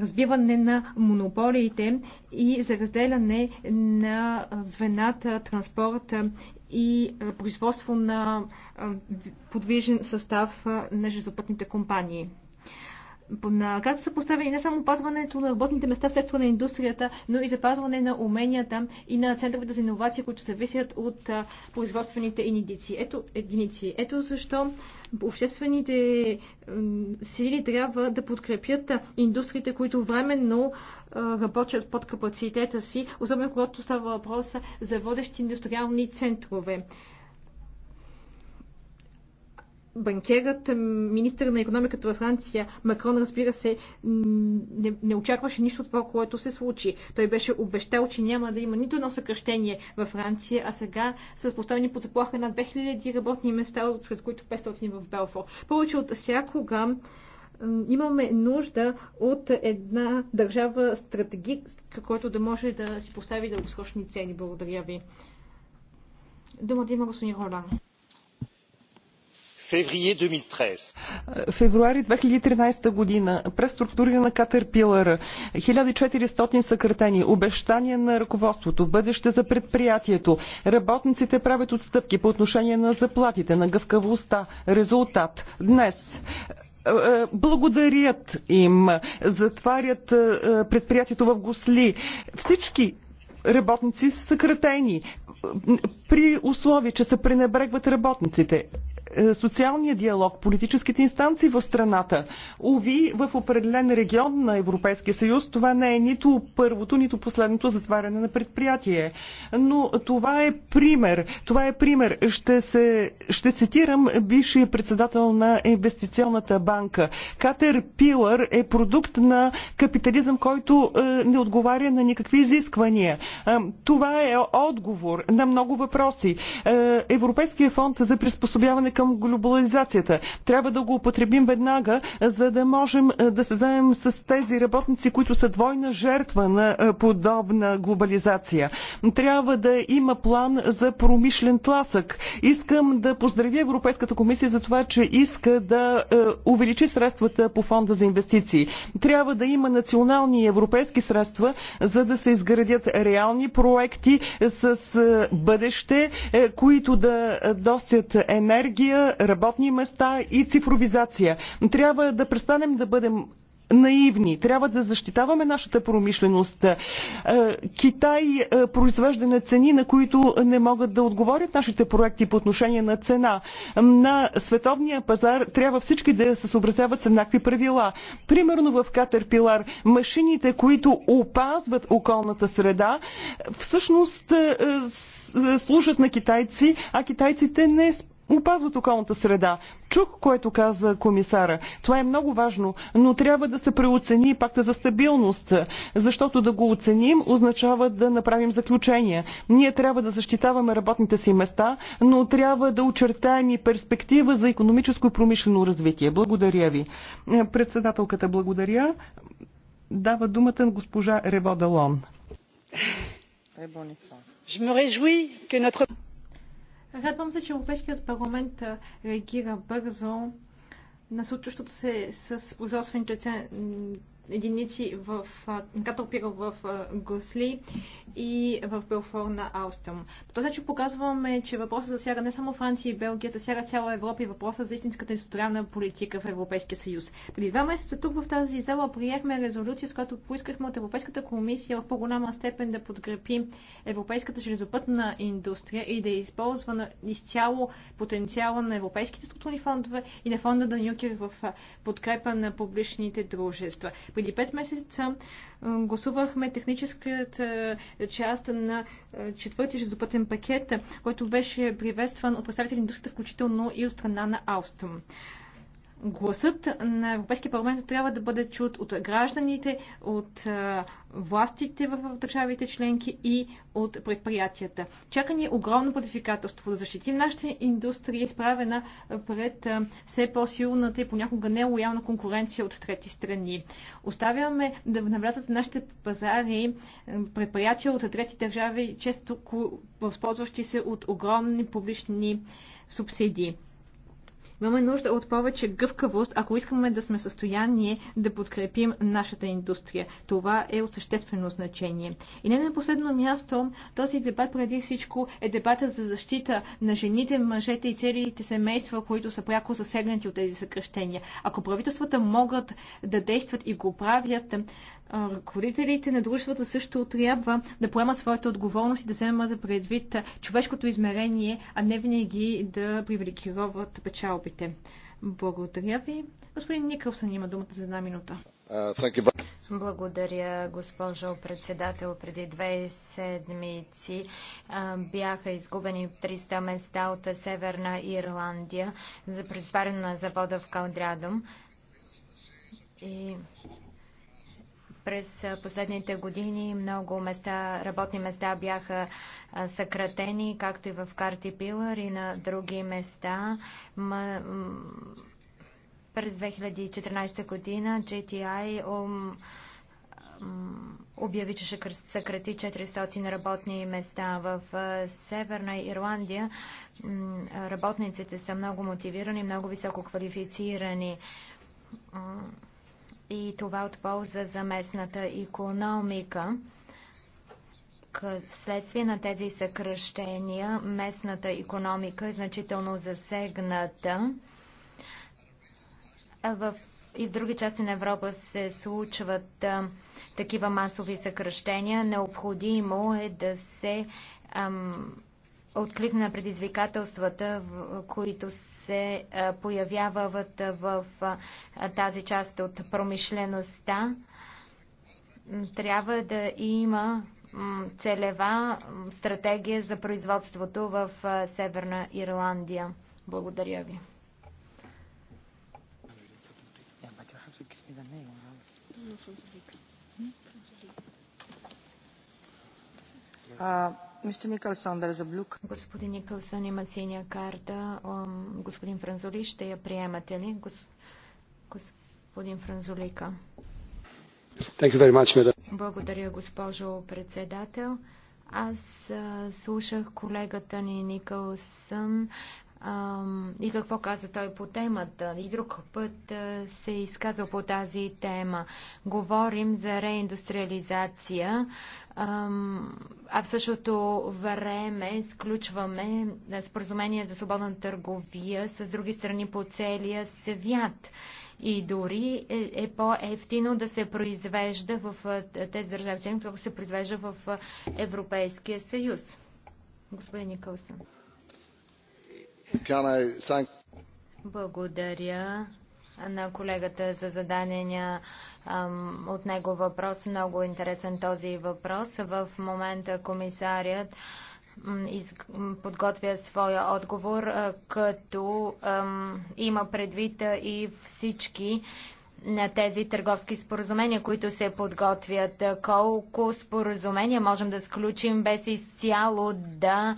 разбиване на монополиите и за разделяне на звената, транспорта и е, производство на е, подвижен състав е, на железопътните компании на карта са поставени не само опазването на работните места в сектора на индустрията, но и запазване на уменията и на центровете за иновация, които зависят от производствените единици. Ето, единици. Ето защо обществените сили трябва да подкрепят индустриите, които временно работят под капацитета си, особено когато става въпрос за водещи индустриални центрове банкерът, министър на економиката във Франция, Макрон, разбира се, не, не очакваше нищо от това, което се случи. Той беше обещал, че няма да има нито едно съкръщение във Франция, а сега са поставени под заплаха над 2000 работни места, сред които 500 в Белфор. Повече от всякога имаме нужда от една държава стратегическа, която да може да си постави дългосрочни цели. Благодаря ви. Думата има господин Ролан. Февруари 2013 година. Преструктуриране на Катерпилъра. 1400 съкратени. Обещания на ръководството. Бъдеще за предприятието. Работниците правят отстъпки по отношение на заплатите, на гъвкавостта. Резултат. Днес е, е, благодарят им, затварят е, предприятието в Госли. Всички работници са съкратени при условие, че се пренебрегват работниците. Е, социалния диалог, политическите инстанции в страната. Уви, в определен регион на Европейския съюз това не е нито първото, нито последното затваряне на предприятие. Но това е пример. Това е пример. Ще, се, ще цитирам бившия председател на инвестиционната банка. Катер Пилър е продукт на капитализъм, който е, не отговаря на никакви изисквания. Е, това е отговор на много въпроси. Европейския фонд за приспособяване към глобализацията. Трябва да го употребим веднага, за да можем е, да се заемем с тези работници, които са двойна жертва на е, подобна глобализация. Трябва да има план за промишлен тласък. Искам да поздравя Европейската комисия за това, че иска да е, увеличи средствата по фонда за инвестиции. Трябва да има национални и европейски средства, за да се изградят реални проекти с бъдеще, които да достят енергия развитие, работни места и цифровизация. Трябва да престанем да бъдем наивни. Трябва да защитаваме нашата промишленост. Е, Китай е, произвежда на цени, на които не могат да отговорят нашите проекти по отношение на цена. На световния пазар трябва всички да се съобразяват с еднакви правила. Примерно в Катерпилар машините, които опазват околната среда, всъщност е, служат на китайци, а китайците не спазват опазват околната среда. Чух, което каза комисара. Това е много важно, но трябва да се преоцени пакта за стабилност, защото да го оценим означава да направим заключения. Ние трябва да защитаваме работните си места, но трябва да очертаем и перспектива за економическо и промишлено развитие. Благодаря ви. Председателката благодаря. Дава думата на госпожа Рево Далон. Je me réjouis que notre Радвам се, че Европейският парламент реагира бързо на случващото се с производствените цен единици в Катърпира в Гусли и в Белфор на Алстъм. По този начин показваме, че въпросът засяга не само Франция и Белгия, засяга цяла Европа и въпроса за истинската индустриална политика в Европейския съюз. Преди два месеца тук в тази зала приехме резолюция, с която поискахме от Европейската комисия в по-голяма степен да подкрепи европейската железопътна индустрия и да използва изцяло потенциала на европейските структурни фондове и на фонда на Нюкер в подкрепа на публичните дружества. Преди 5 месеца гласувахме техническата е, част на е, четвъртия Жезопътен пакет, който беше приветстван от представители на индустрията, включително и от страна на Алстъм гласът на Европейския парламент трябва да бъде чут от гражданите, от властите в държавите членки и от предприятията. Чака ни огромно предизвикателство да защитим нашата индустрия, изправена пред все по-силната и понякога нелоялна конкуренция от трети страни. Оставяме да навлязат нашите пазари предприятия от трети държави, често възползващи се от огромни публични субсидии. Имаме нужда от повече гъвкавост, ако искаме да сме в състояние да подкрепим нашата индустрия. Това е от съществено значение. И не на последно място, този дебат преди всичко е дебата за защита на жените, мъжете и целите семейства, които са пряко засегнати от тези съкръщения. Ако правителствата могат да действат и го правят, ръководителите на дружествата също трябва да поемат своята отговорност и да вземат предвид човешкото измерение, а не винаги да привилегироват печалбите. Благодаря ви. Господин Никълсън има думата за една минута. Благодаря, госпожо председател. Преди две седмици бяха изгубени 300 места от Северна Ирландия за притваряне на завода в Калдрядом. И през последните години много места, работни места бяха съкратени, както и в Карти Пилър и на други места. М през 2014 година JTI обяви, че ще съкрати 400 работни места в Северна Ирландия. Работниците са много мотивирани, много високо квалифицирани и това от полза за местната економика. Вследствие на тези съкръщения, местната економика е значително засегната. В и в други части на Европа се случват а, такива масови съкръщения. Необходимо е да се ам, откликне на предизвикателствата, в, които се появяват в тази част от промишлеността. Трябва да има целева стратегия за производството в Северна Ирландия. Благодаря ви. Uh, Господин Никълсън има синя карта. Господин Франзоли, ще я приемате ли? Господин Франзолика. Благодаря, госпожо председател. Аз а, слушах колегата ни Никълсън и какво каза той по темата. И друг път се е изказал по тази тема. Говорим за реиндустриализация, а в същото време сключваме споразумение за свободна търговия с други страни по целия свят. И дори е, е по-ефтино да се произвежда в тези държави членки, се произвежда в Европейския съюз. Господин Николсън. Благодаря на колегата за зададения от него въпрос. Много интересен този въпрос. В момента комисарият подготвя своя отговор, като има предвид и всички на тези търговски споразумения, които се подготвят. Колко споразумения можем да сключим без изцяло да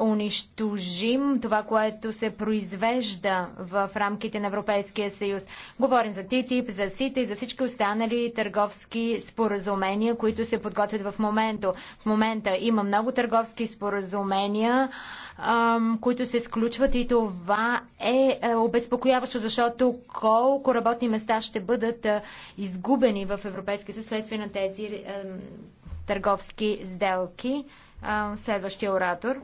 унищожим това, което се произвежда в рамките на Европейския съюз. Говорим за ТТИП, за СИТА и за всички останали търговски споразумения, които се подготвят в момента. В момента има много търговски споразумения, които се сключват и това е, е обезпокояващо, защото колко работни места ще бъдат изгубени в Европейския съюз следствие на тези търговски сделки. Следващия оратор.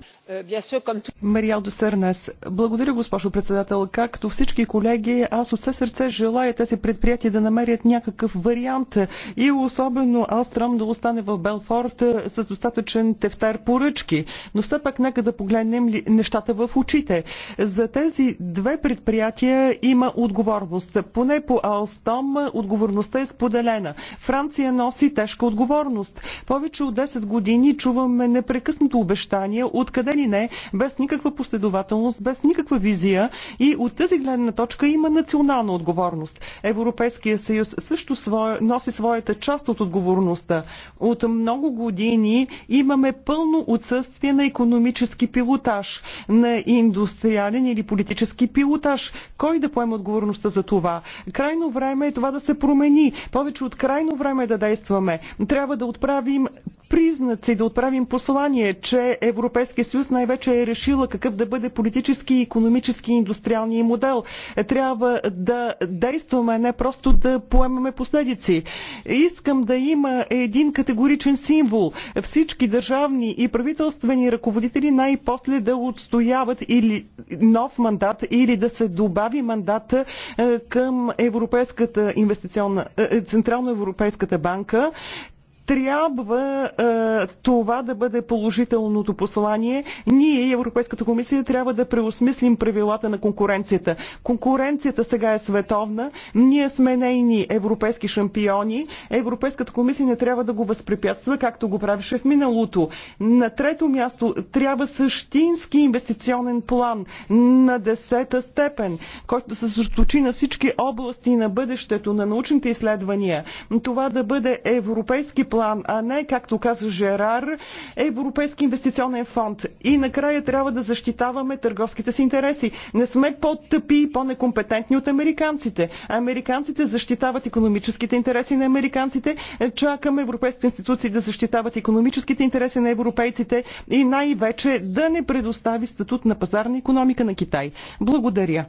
Мария Досернес. Благодаря, госпожо председател. Както всички колеги, аз от все сърце желая тези предприятия да намерят някакъв вариант. И особено аз да остане в Белфорд с достатъчен тефтар поръчки. Но все пак нека да погледнем ли нещата в очите. За тези две предприятия има отговорност. Поне по Алстом отговорността е споделена. Франция носи тежка отговорност. Повече от 10 години чуваме непрекъснато обещания, откъде ли не, без никаква последователност, без никаква визия и от тази гледна точка има национална отговорност. Европейския съюз също свое, носи своята част от отговорността. От много години имаме пълно отсъствие на економически пилотаж, на индустриален или политически пилотаж. Кой да поема отговорността за това? Крайно време е това да се промени. Повече от крайно време е да действаме. Трябва да отправим признаци, да отправим послание, че Европейския съюз най-вече е решила какъв да бъде политически, економически и индустриалния модел. Трябва да действаме, не просто да поемаме последици. Искам да има един категоричен символ. Всички държавни и правителствени ръководители най-после да отстояват или нов мандат, или да се добави мандат е, към Европейската инвестиционна, е, Централно Европейската банка, трябва а, е, това да бъде положителното послание. Ние и Европейската комисия трябва да преосмислим правилата на конкуренцията. Конкуренцията сега е световна. Ние сме нейни европейски шампиони. Европейската комисия не трябва да го възпрепятства, както го правише в миналото. На трето място трябва същински инвестиционен план на десета степен, който да се съсредоточи на всички области на бъдещето, на научните изследвания. Това да бъде европейски план план, а не, както каза Жерар, Европейски инвестиционен фонд. И накрая трябва да защитаваме търговските си интереси. Не сме по-тъпи и по-некомпетентни от американците. Американците защитават економическите интереси на американците. Чакаме европейските институции да защитават економическите интереси на европейците и най-вече да не предостави статут на пазарна економика на Китай. Благодаря.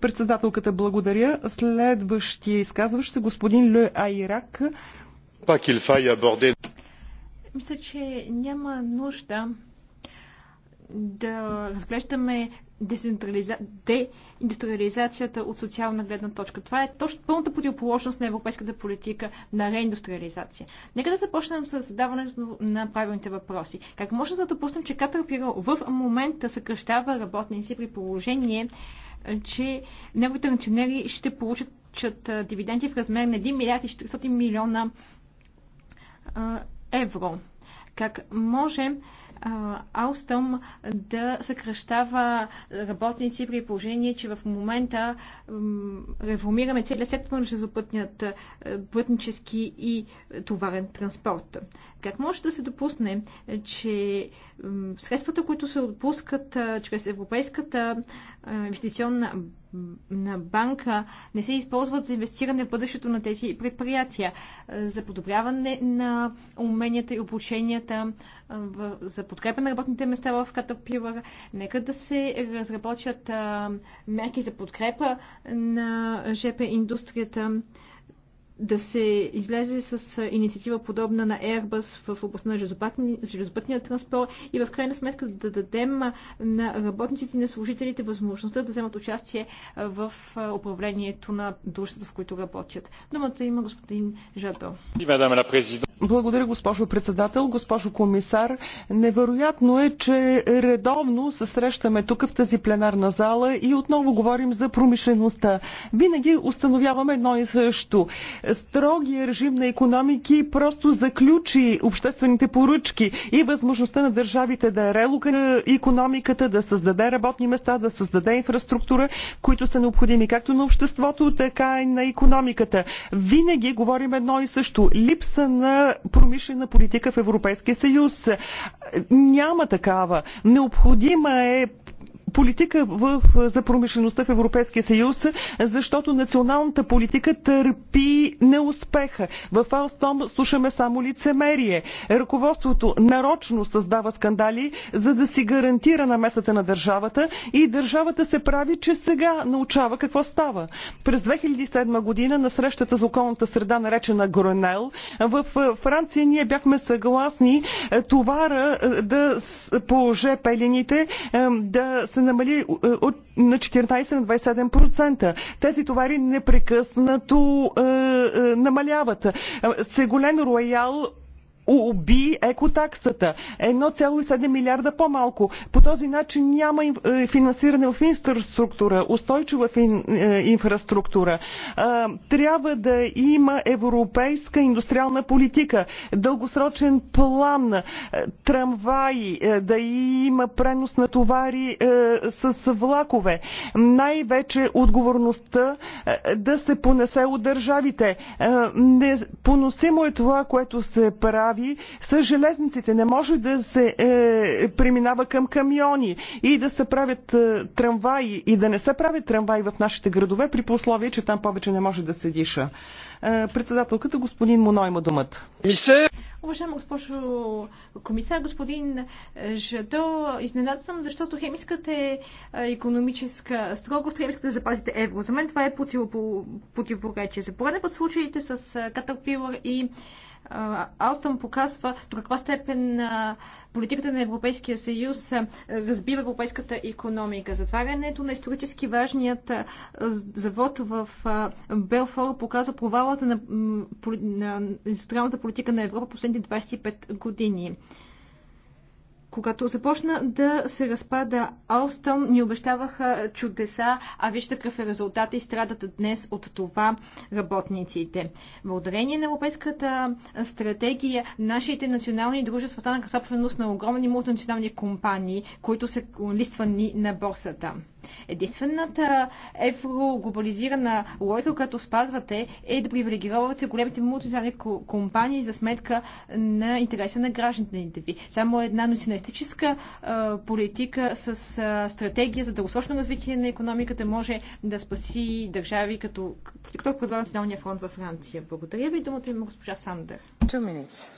Председателката благодаря. Следващия изказващ се господин Лю Айрак. Мисля, че няма нужда да разглеждаме деиндустриализацията от социална гледна точка. Това е точно пълната противоположност на европейската политика на реиндустриализация. Нека да започнем с задаването на правилните въпроси. Как може да допуснем, че Катърпира в момента съкръщава работници при положение, че неговите национери ще получат дивиденти в размер на 1 милиард и 400 милиона евро. Как може Алстъм да съкръщава работници при положение, че в момента реформираме целия сектор на железопътният пътнически и товарен транспорт. Как може да се допусне, че средствата, които се отпускат чрез Европейската инвестиционна на банка не се използват за инвестиране в бъдещето на тези предприятия, за подобряване на уменията и обученията, за подкрепа на работните места в Катапилър. Нека да се разработят мерки за подкрепа на ЖП индустрията да се излезе с инициатива подобна на Airbus в областта на железопътния транспорт и в крайна сметка да дадем на работниците и на служителите възможността да вземат участие в управлението на дружествата, в които работят. Думата има господин Жадо. Благодаря, госпожо председател, госпожо комисар. Невероятно е, че редовно се срещаме тук в тази пленарна зала и отново говорим за промишлеността. Винаги установяваме едно и също строгия режим на економики просто заключи обществените поръчки и възможността на държавите да релока економиката, да създаде работни места, да създаде инфраструктура, които са необходими както на обществото, така и на економиката. Винаги говорим едно и също. Липса на промишлена политика в Европейския съюз. Няма такава. Необходима е политика в, за промишлеността в Европейския съюз, защото националната политика търпи неуспеха. В Алстом слушаме само лицемерие. Ръководството нарочно създава скандали, за да си гарантира намесата на държавата и държавата се прави, че сега научава какво става. През 2007 година на срещата за околната среда, наречена Гронел, в Франция ние бяхме съгласни е, товара е, да, по ЖП линиите е, да се се намали е, от, на 14 на 27%. Тези товари непрекъснато е, е, намаляват. Сеголен Роял уби екотаксата. 1,7 милиарда по-малко. По този начин няма е, финансиране в инфраструктура, устойчива е, инфраструктура. Трябва да има европейска индустриална политика, дългосрочен план, е, трамваи, да има пренос на товари с влакове. Най-вече отговорността да се понесе от държавите. Непоносимо е това, което се прави прави с железниците. Не може да се е, преминава към камиони и да се правят е, трамваи и да не се правят трамваи в нашите градове при условие, че там повече не може да се диша. Е, председателката господин Моно има думата. Уважаема госпожо комисар, господин Жадо, изненадан съм, защото хем искате економическа строгост, хемиската е да запазите евро. За мен това е противоречие. За пореден път случаите с Катърпилър е, и Алстън показва до каква степен политиката на Европейския съюз разбива европейската економика. Затварянето на исторически важният завод в Белфор показва провалата на, на индустриалната политика на Европа последните 25 години. Когато започна да се разпада Алстъм, ни обещаваха чудеса, а вижте какъв е резултат и страдат днес от това работниците. Благодарение на Европейската стратегия, нашите национални дружества станаха собственост на огромни мултинационални компании, които са листвани на борсата. Единствената евроглобализирана логика, която спазвате, е да привилегировате големите мултинационални компании за сметка на интереса на гражданите ви. Само една националистическа политика с стратегия за дългосрочно развитие на економиката може да спаси държави като, като предлага Националния фронт във Франция. Благодаря ви. Думата има госпожа Сандър. Two minutes.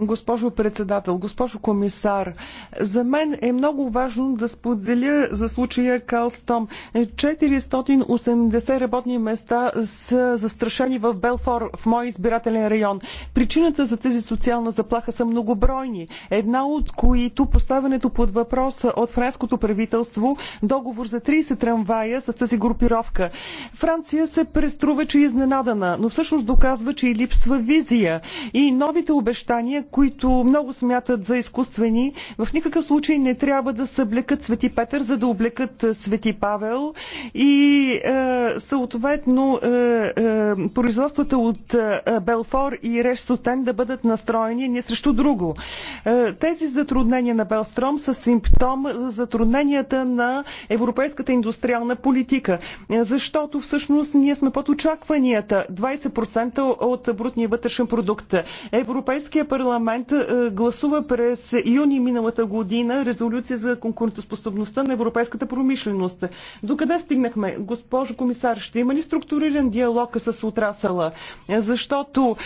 Госпожо председател, госпожо комисар, за мен е много важно да споделя за случая Калстом. 480 работни места са застрашени в Белфор, в мой избирателен район. Причината за тази социална заплаха са многобройни. Една от които поставянето под въпрос от френското правителство договор за 30 трамвая с тази групировка. Франция се преструва, че е изненадана, но всъщност доказва, че и липсва визия и новите обещания, които много смятат за изкуствени, в никакъв случай не трябва да съблекат Свети Петър, за да облекат е, Свети Павел и е, съответно е, е, производствата от е, Белфор и Реж Сотен да бъдат настроени не срещу друго. Е, тези затруднения на Белстром са симптом за затрудненията на европейската индустриална политика, е, защото всъщност ние сме под очакванията 20% от брутния вътрешен продукт факт. Европейския парламент е, гласува през юни миналата година резолюция за конкурентоспособността на европейската промишленост. До къде стигнахме? Госпожо комисар, ще има ли структуриран диалог с отрасъла? Защото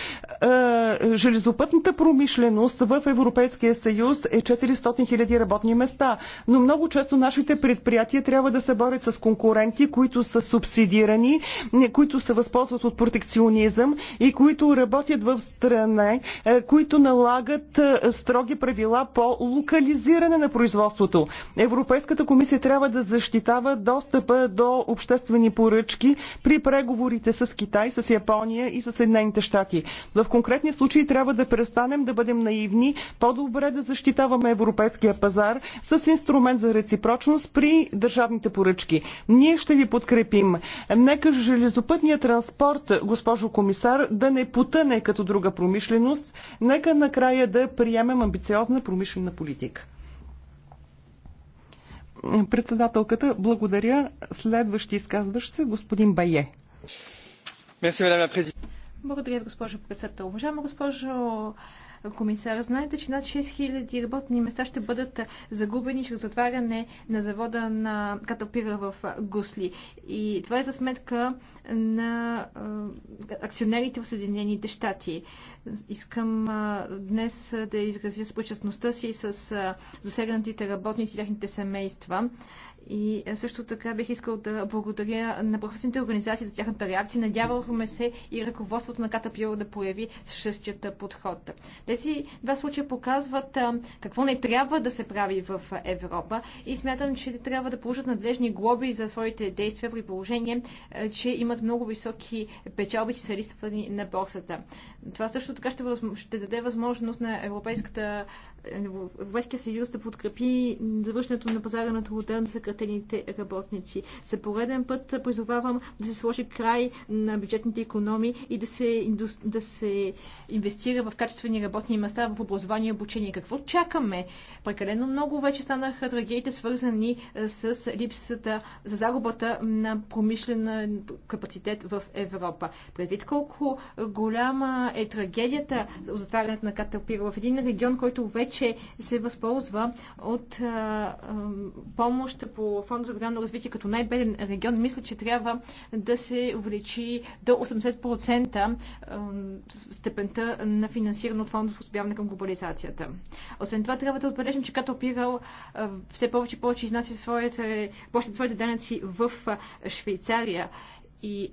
е, железопътната промишленост в Европейския съюз е 400 000 работни места, но много често нашите предприятия трябва да се борят с конкуренти, които са субсидирани, които се възползват от протекционизъм и които работят в страна, е, които налагат е, строги правила по локализиране на производството. Европейската комисия трябва да защитава достъпа до обществени поръчки при преговорите с Китай, с Япония и с Съединените щати. В конкретни случаи трябва да престанем да бъдем наивни, по-добре да защитаваме европейския пазар с инструмент за реципрочност при държавните поръчки. Ние ще ви подкрепим. Нека железопътният транспорт, госпожо комисар, да не потъне като друга промишленост, нека накрая да приемем амбициозна промишлена политика. Председателката, благодаря. Следващи изказващ се господин Бае. Благодаря, госпожо председател. Уважаема госпожо комисар, знаете, че над 6000 работни места ще бъдат загубени чрез затваряне на завода на Катапира в Гусли. И това е за сметка на акционерите в Съединените щати. Искам днес да изразя спочастността си с засегнатите работници и техните семейства. И е, също така бих искал да благодаря на професионалните организации за тяхната реакция. Надявахме се и ръководството на катапила да прояви същият е, подход. Тези два случая показват е, какво не трябва да се прави в Европа и смятам, че трябва да получат надлежни глоби за своите действия при положение, че имат много високи печалби, че са листвани на борсата. Това също така ще, ще даде възможност на Европейската Европейския съюз да подкрепи завършването на пазара на труда на съкратените работници. За пореден път призовавам да се сложи край на бюджетните економии и да се, да се инвестира в качествени работни места в образование и обучение. Какво чакаме? Прекалено много вече станаха трагедиите, свързани с липсата, за загубата на промишлен капацитет в Европа. Предвид колко голяма е трагедията за затварянето на Катапира в един регион, който вече вече се възползва от помощ по Фонд за регионално развитие като най-беден регион, мисля, че трябва да се увеличи до 80% степента на финансиране от Фонда за успяване към глобализацията. Освен това, трябва да отбележим, че като Пирал все повече и повече изнася своите, своите данъци в Швейцария и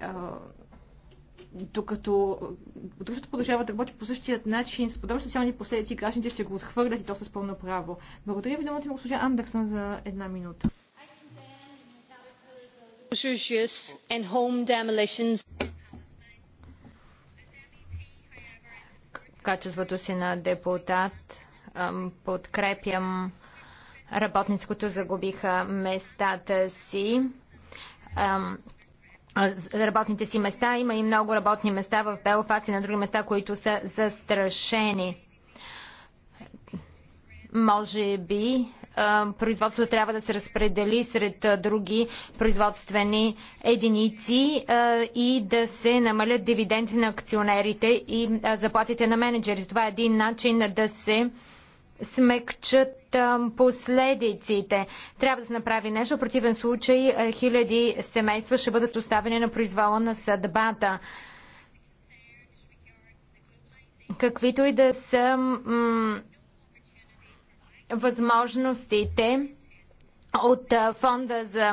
докато дружеството продължава да работи по същия начин, с подобни социални последици, гражданите ще го отхвърлят и то с пълно право. Благодаря ви, думата ми госпожа Андерсън за една минута. В качеството си на депутат подкрепям работниците, които загубиха местата си работните си места. Има и много работни места в Белфаст и на други места, които са застрашени. Може би производството трябва да се разпредели сред други производствени единици и да се намалят дивиденти на акционерите и заплатите на менеджерите. Това е един начин да се смекчат последиците. Трябва да се направи нещо. В противен случай е, хиляди семейства ще бъдат оставени на произвола на съдбата. Каквито и да са възможностите, от фонда за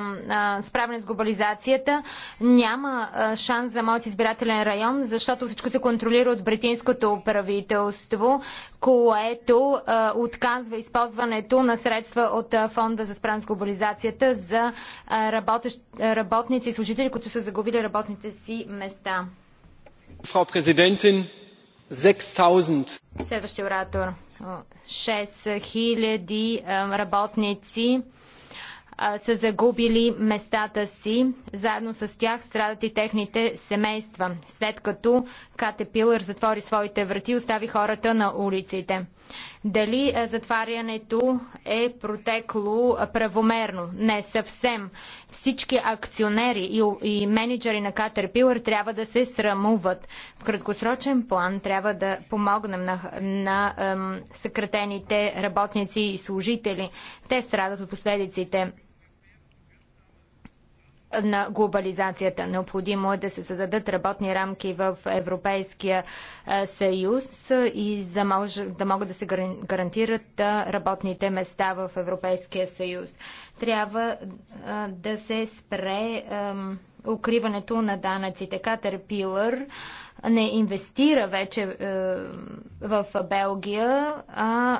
справяне с глобализацията няма шанс за моят избирателен район, защото всичко се контролира от бритинското правителство, което отказва използването на средства от фонда за справяне с глобализацията за работещ, работници и служители, които са загубили работните си места. Фрау президентин, 6000. Следващия оратор. 6000 работници са загубили местата си. Заедно с тях страдат и техните семейства, след като Катепилър затвори своите врати и остави хората на улиците. Дали затварянето е протекло правомерно? Не съвсем. Всички акционери и, и менеджери на Катерпилър трябва да се срамуват. В краткосрочен план трябва да помогнем на, на ем, съкратените работници и служители. Те страдат от последиците на глобализацията. Необходимо е да се създадат работни рамки в Европейския съюз и за може, да могат да се гарантират работните места в Европейския съюз. Трябва да се спре укриването на данъците. Катерпилър не инвестира вече в Белгия, а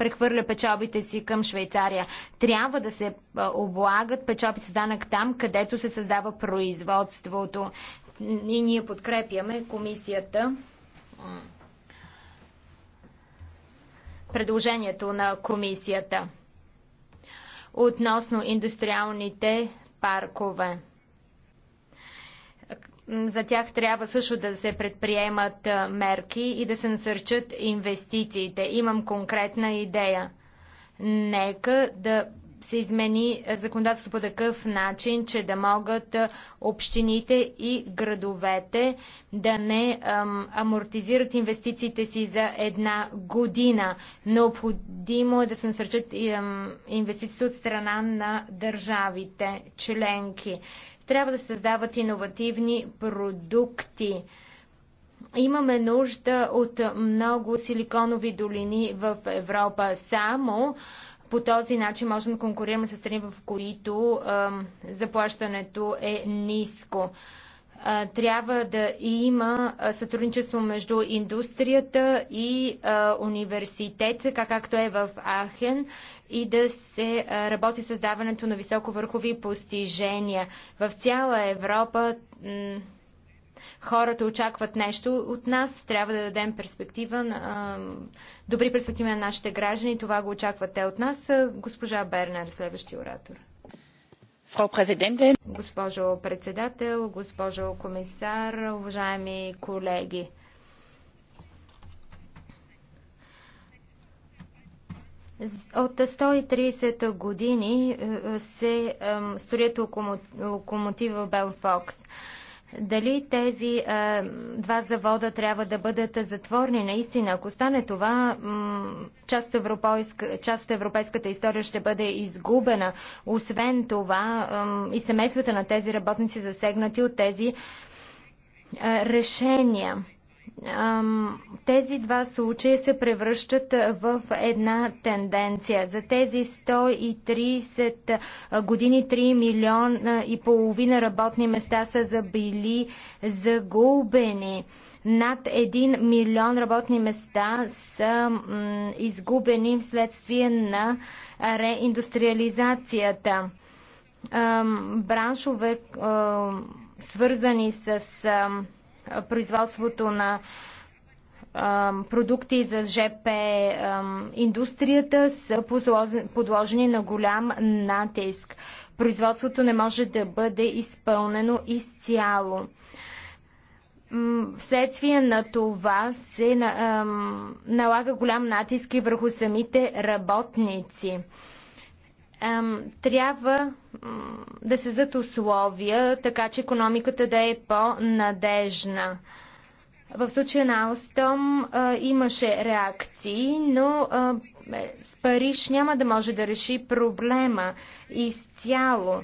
прехвърля печалбите си към Швейцария. Трябва да се облагат печалбите с данък там, където се създава производството. И ние подкрепяме комисията предложението на комисията относно индустриалните паркове. За тях трябва също да се предприемат мерки и да се насърчат инвестициите. Имам конкретна идея. Нека да се измени е, законодателство по такъв начин, че да могат е, общините и градовете да не ам, амортизират инвестициите си за една година. Необходимо е да се насърчат инвестициите от страна на държавите членки. Трябва да се създават иновативни продукти. Имаме нужда от много силиконови долини в Европа. Само по този начин можем да конкурираме с страни, в които заплащането е ниско трябва да има сътрудничество между индустрията и университет, както е в Ахен, и да се работи създаването на високовърхови постижения. В цяла Европа Хората очакват нещо от нас. Трябва да дадем перспектива, на, добри перспективи на нашите граждани. Това го очакват те от нас. Госпожа Бернер, следващия оратор. Госпожо председател, госпожо комисар, уважаеми колеги. От 130 години е, е, се строят локомотива Белфокс. Фокс дали тези е, два завода трябва да бъдат затворни. Наистина, ако стане това, част от, европейска, част от европейската история ще бъде изгубена. Освен това, а, и семействата на тези работници засегнати от тези е, решения тези два случая се превръщат в една тенденция. За тези 130 години 3 милиона и половина работни места са забили загубени. Над 1 милион работни места са изгубени вследствие на реиндустриализацията. Браншове, свързани с производството на продукти за ЖП индустрията са подложени на голям натиск. Производството не може да бъде изпълнено изцяло. Вследствие на това се налага голям натиск и върху самите работници трябва да се зад условия, така че економиката да е по-надежна. В случая на Алстом имаше реакции, но е, с Париж няма да може да реши проблема изцяло.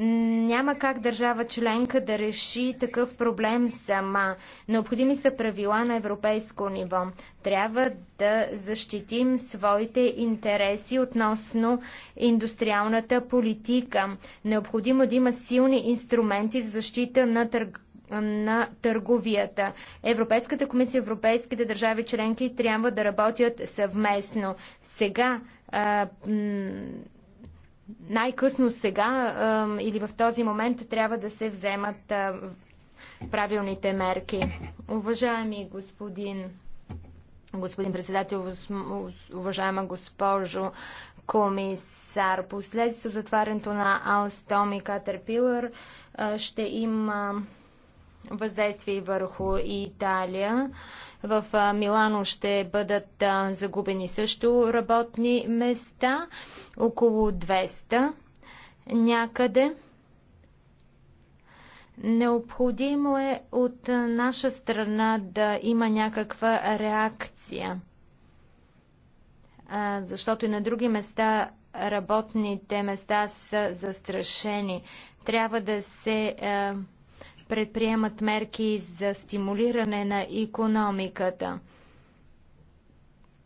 Няма как държава членка да реши такъв проблем сама. Необходими са правила на европейско ниво. Трябва да защитим своите интереси относно индустриалната политика. Необходимо да има силни инструменти за защита на търговията на търговията. Европейската комисия, европейските държави членки трябва да работят съвместно. Сега а, най-късно сега а, или в този момент трябва да се вземат а, правилните мерки. Уважаеми господин, господин председател, уважаема госпожо комисар, последствие от затварянето на Алстом и Катерпилър ще има въздействие върху Италия. В Милано ще бъдат загубени също работни места, около 200 някъде. Необходимо е от наша страна да има някаква реакция, защото и на други места работните места са застрашени. Трябва да се предприемат мерки за стимулиране на економиката.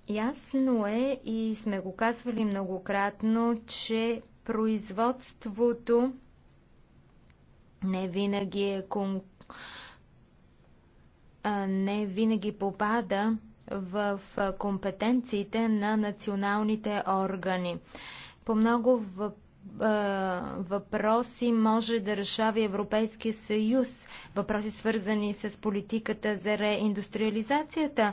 Ясно е и сме го казвали многократно, че производството не винаги е кон... не винаги попада в компетенциите на националните органи. По много въпроси въпроси може да решава Европейския съюз. Въпроси свързани с политиката за реиндустриализацията.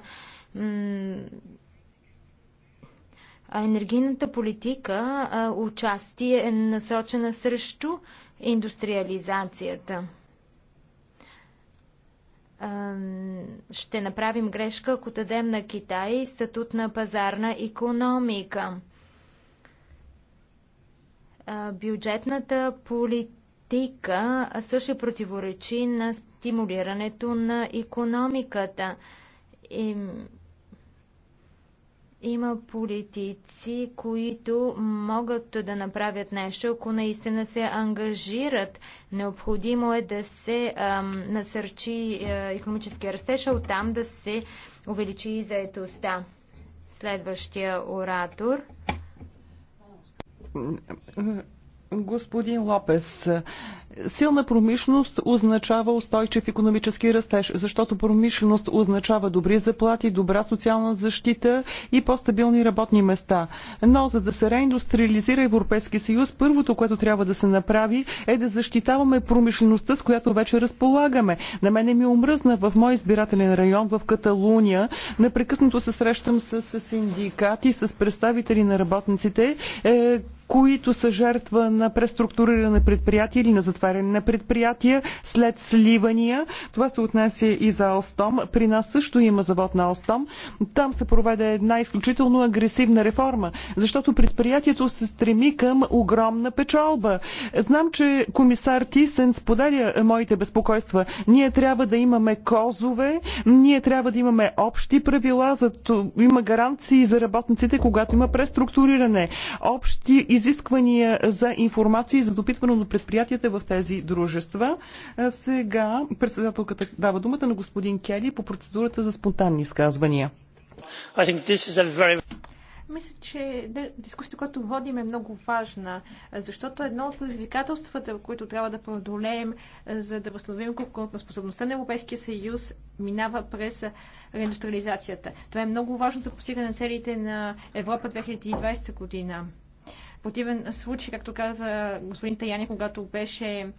А енергийната политика а, участие е насочена срещу индустриализацията. А, ще направим грешка, ако дадем на Китай статут на пазарна економика. Бюджетната политика също противоречи на стимулирането на економиката. И, има политици, които могат да направят нещо, ако наистина се ангажират. Необходимо е да се ам, насърчи е, економическия растеж, а оттам да се увеличи и заетостта. Следващия оратор. Господин Лопес, силна промишленост означава устойчив економически растеж, защото промишленост означава добри заплати, добра социална защита и по-стабилни работни места. Но за да се реиндустриализира Европейски съюз, първото, което трябва да се направи е да защитаваме промишлеността, с която вече разполагаме. На мене ми омръзна в мой избирателен район в Каталуния. Непрекъснато се срещам с синдикати, с представители на работниците, е, които са жертва на преструктуриране на предприятия или на затваряне на предприятия след сливания. Това се отнася и за Алстом. При нас също има завод на Алстом. Там се проведе една изключително агресивна реформа, защото предприятието се стреми към огромна печалба. Знам, че комисар Тисен споделя моите безпокойства. Ние трябва да имаме козове, ние трябва да имаме общи правила, за има гаранции за работниците, когато има преструктуриране, общи и изисквания за информация и за допитване до предприятията в тези дружества. Сега председателката дава думата на господин Кели по процедурата за спонтанни изказвания. Very... Мисля, че дискусията, която водим е много важна, защото едно от предизвикателствата, които трябва да преодолеем, за да възстановим конкурентоспособността на Европейския съюз, минава през реиндустриализацията. Това е много важно за постигане на целите на Европа 2020 година противен случай, както каза господин Таяни, когато беше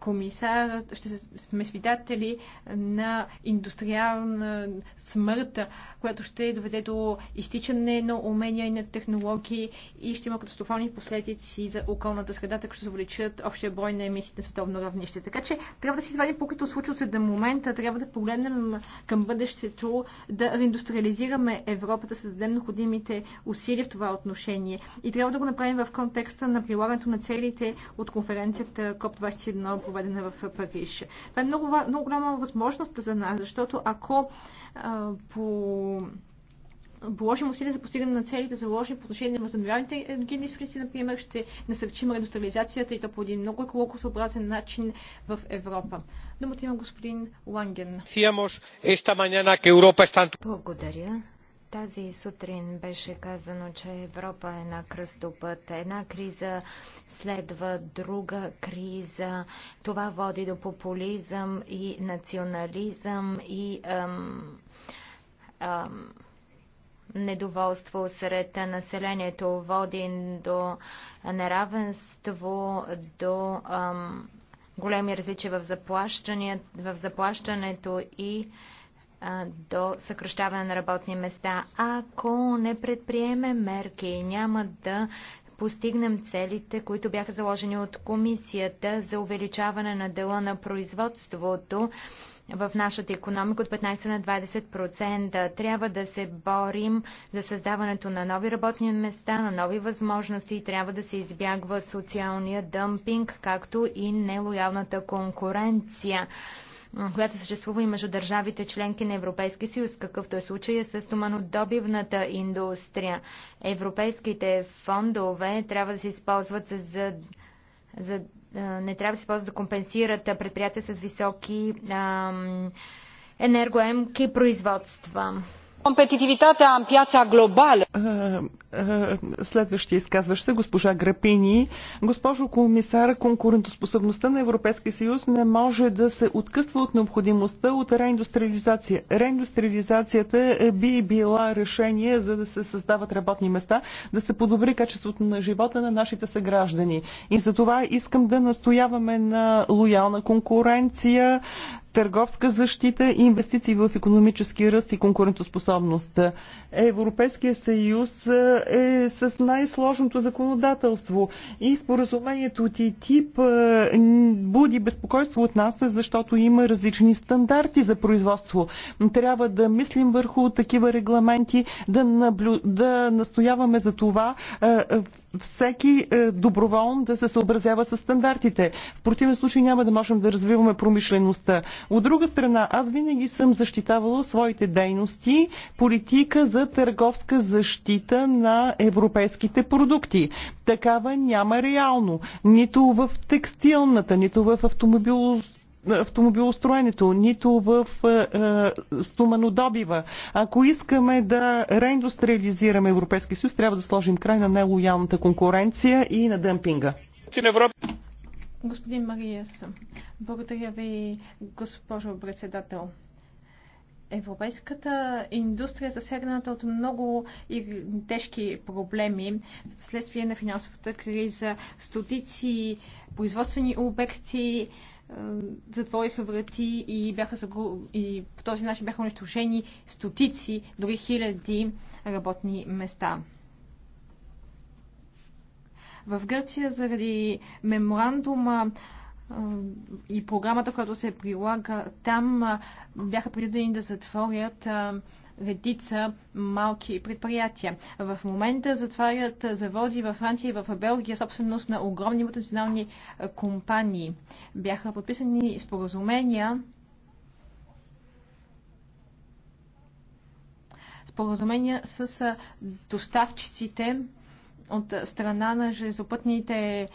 комисар, ще сме свидатели на индустриална смърт, която ще доведе до изтичане на умения и на технологии и ще има катастрофални последици за околната среда, така ще се увеличат общия брой на емисиите на световно равнище. Така че трябва да си извадим покрито случил се до момента, трябва да погледнем към бъдещето, да реиндустриализираме Европа, да създадем необходимите усилия в това отношение. И трябва да го направим в контекста на прилагането на целите от конференцията COP21, проведена в Париж. Това е много, много голяма възможност за нас, защото ако а, по положим усилия за постигане на целите, заложени по отношение на възстановяваните енергийни източници, например, ще насърчим редуциализацията и то по един много екологосъобразен начин в Европа. Думата има господин Ланген. Благодаря. Тази сутрин беше казано, че Европа е на кръстопът. Една криза следва друга криза. Това води до популизъм и национализъм и ам, ам, недоволство сред населението. Води до неравенство, до ам, големи различия в, в заплащането и до съкръщаване на работни места. Ако не предприеме мерки, няма да постигнем целите, които бяха заложени от комисията за увеличаване на дела на производството в нашата економика от 15 на 20%. Трябва да се борим за създаването на нови работни места, на нови възможности и трябва да се избягва социалния дъмпинг, както и нелоялната конкуренция която съществува и между държавите членки на Европейския съюз, какъвто е случая с туманодобивната индустрия. Европейските фондове трябва да се използват за, за не трябва да се използват да компенсират предприятия с високи ам, енергоемки производства. Competitivitatea în piața globală. Е, е, Следващия изказващ се госпожа Грапини. Госпожо комисар, конкурентоспособността на Европейския съюз не може да се откъсва от необходимостта от реиндустриализация. Реиндустриализацията би била решение за да се създават работни места, да се подобри качеството на живота на нашите съграждани. И за това искам да настояваме на лоялна конкуренция, търговска защита и инвестиции в економически ръст и конкурентоспособност. Европейския съюз е, е с най-сложното законодателство и споразумението ТИТИП е, буди безпокойство от нас, защото има различни стандарти за производство. Трябва да мислим върху такива регламенти, да, наблю... да настояваме за това е, всеки доброволно да се съобразява с стандартите. В противен случай няма да можем да развиваме промишлеността. От друга страна, аз винаги съм защитавала своите дейности политика за търговска защита на европейските продукти. Такава няма реално. Нито в текстилната, нито в автомобилостроенето автомобилостроенето, нито в е, е, стоманодобива. Ако искаме да реиндустриализираме Европейския съюз, трябва да сложим край на нелоялната конкуренция и на дъмпинга. Господин Мариас, благодаря ви, госпожо председател. Европейската индустрия е засегната от много и тежки проблеми вследствие на финансовата криза. Стотици производствени обекти е, затвориха врати и, бяха загу... и по този начин бяха унищожени стотици, дори хиляди работни места. В Гърция заради меморандума и програмата, която се прилага там, бяха принудени да затворят редица малки предприятия. В момента затварят заводи във Франция и в Белгия, собственост на огромни мутационални компании. Бяха подписани споразумения споразумения с доставчиците от страна на железопътните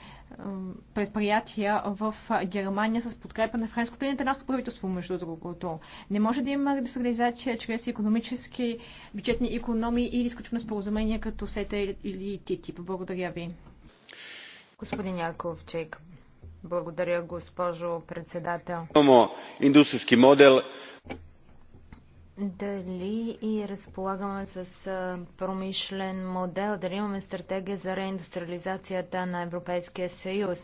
предприятия в Германия с подкрепа на френското и италянското правителство, между другото. Не може да има индустриализация чрез економически бюджетни економии или изключване споразумения като СЕТА или ТИТИП. Благодаря ви. Господин Чек, благодаря госпожо председател. индустрийски модел дали и разполагаме с промишлен модел, дали имаме стратегия за реиндустриализацията на Европейския съюз,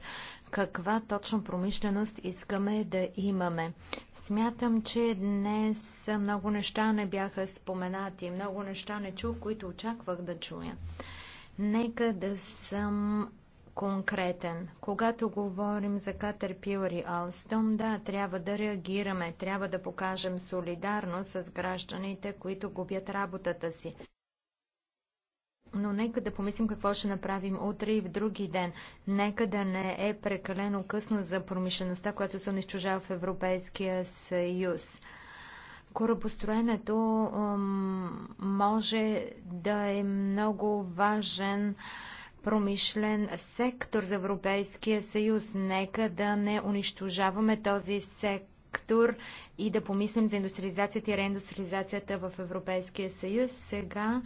каква точно промишленост искаме да имаме. Смятам, че днес много неща не бяха споменати, много неща не чух, които очаквах да чуя. Нека да съм конкретен. Когато говорим за Катерпилър и Алстом, да, трябва да реагираме, трябва да покажем солидарност с гражданите, които губят работата си. Но нека да помислим какво ще направим утре и в други ден. Нека да не е прекалено късно за промишлеността, която се унищожава в Европейския съюз. Корабостроенето може да е много важен промишлен сектор за Европейския съюз. Нека да не унищожаваме този сектор и да помислим за индустриализацията и реиндустриализацията в Европейския съюз. Сега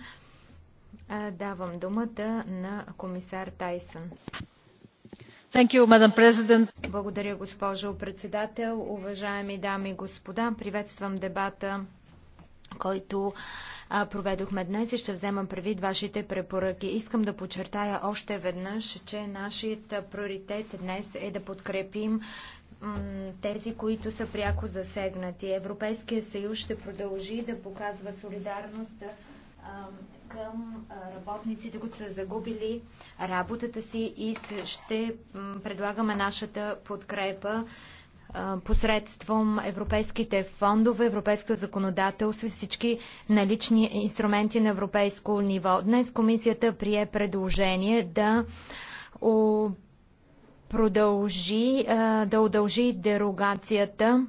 а, давам думата на комисар Тайсън. You, Благодаря, госпожо председател. Уважаеми дами и господа, приветствам дебата който а, проведохме днес и ще вземам предвид вашите препоръки. Искам да подчертая още веднъж, че нашият приоритет днес е да подкрепим тези, които са пряко засегнати. Европейския съюз ще продължи да показва солидарност към работниците, които са загубили работата си и ще предлагаме нашата подкрепа посредством европейските фондове, европейско законодателство и всички налични инструменти на европейско ниво. Днес комисията прие предложение да продължи, да удължи дерогацията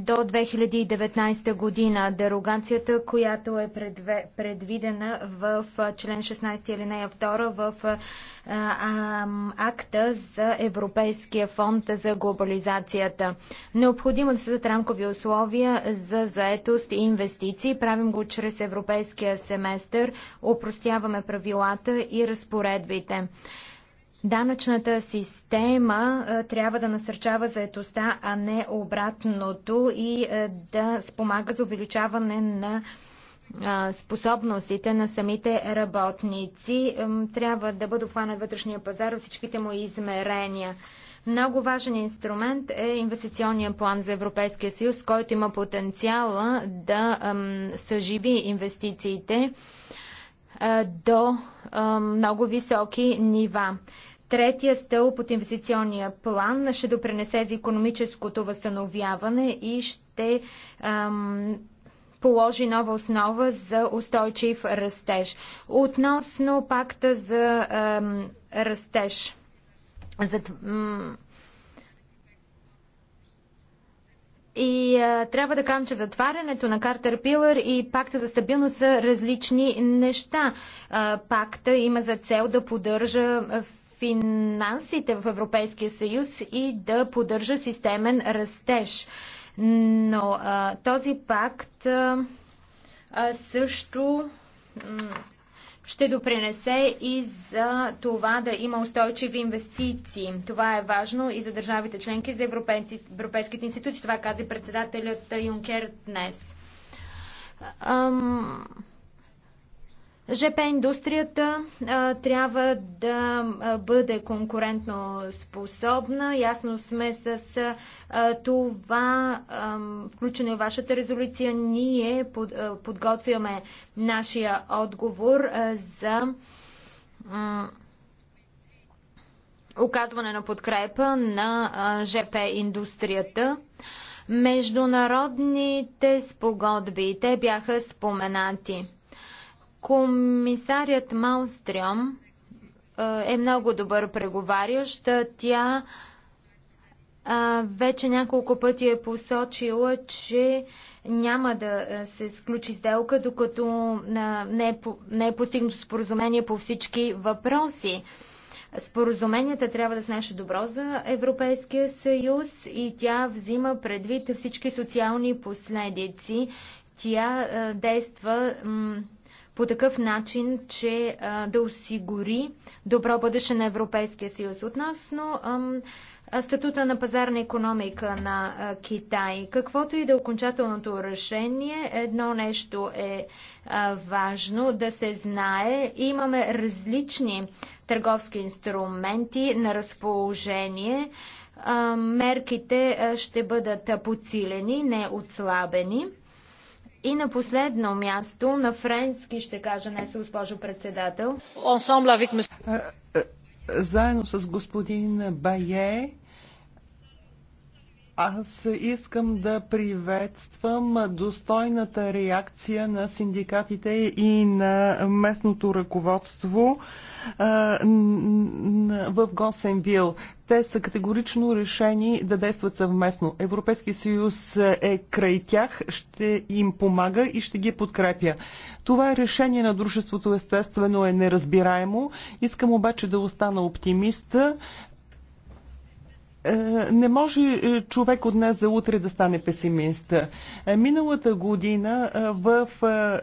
до 2019 година. Дерогацията, която е предвидена в член 16 нея 2 в акта за Европейския фонд за глобализацията. Необходимо да се рамкови условия за заетост и инвестиции. Правим го чрез Европейския семестър, упростяваме правилата и разпоредбите. Данъчната система трябва да насърчава заетостта, а не обратното и да спомага за увеличаване на способностите на самите работници. Трябва да бъде обхванат вътрешния пазар от всичките му измерения. Много важен инструмент е инвестиционния план за Европейския съюз, който има потенциала да ам, съживи инвестициите до много високи нива. Третия стълб от инвестиционния план ще допренесе за економическото възстановяване и ще ам, положи нова основа за устойчив растеж. Относно пакта за ам, растеж. За, ам, И а, трябва да кажем, че затварянето на Картер Пилър и пакта за стабилност са различни неща. А, пакта има за цел да поддържа финансите в Европейския съюз и да поддържа системен растеж. Но а, този пакт а, също ще допринесе и за това да има устойчиви инвестиции. Това е важно и за държавите членки, и за европейските институции. Това каза председателят Юнкер днес. Ам... ЖП индустрията а, трябва да бъде конкурентно способна. Ясно сме с а, това, а, включено и вашата резолюция. Ние под, а, подготвяме нашия отговор а, за а, оказване на подкрепа на а, ЖП индустрията. Международните спогодби, те бяха споменати. Комисарят Малстрем е много добър преговарящ. Тя вече няколко пъти е посочила, че няма да се сключи сделка, докато не е, не е постигнато споразумение по всички въпроси. Споразуменията трябва да са нещо добро за Европейския съюз и тя взима предвид всички социални последици. Тя действа по такъв начин, че да осигури добро бъдеще на Европейския съюз. Относно статута на пазарна економика на Китай, каквото и да е окончателното решение, едно нещо е важно да се знае. Имаме различни търговски инструменти на разположение. мерките ще бъдат подсилени, не отслабени. И на последно място, на френски ще кажа днес, госпожо председател. Е, е, заедно с господин Бае, аз искам да приветствам достойната реакция на синдикатите и на местното ръководство в Госенвил. Те са категорично решени да действат съвместно. Европейски съюз е край тях, ще им помага и ще ги подкрепя. Това е решение на дружеството естествено е неразбираемо. Искам обаче да остана оптимист. Е, не може е, човек от днес за утре да стане песимист. Е, миналата година в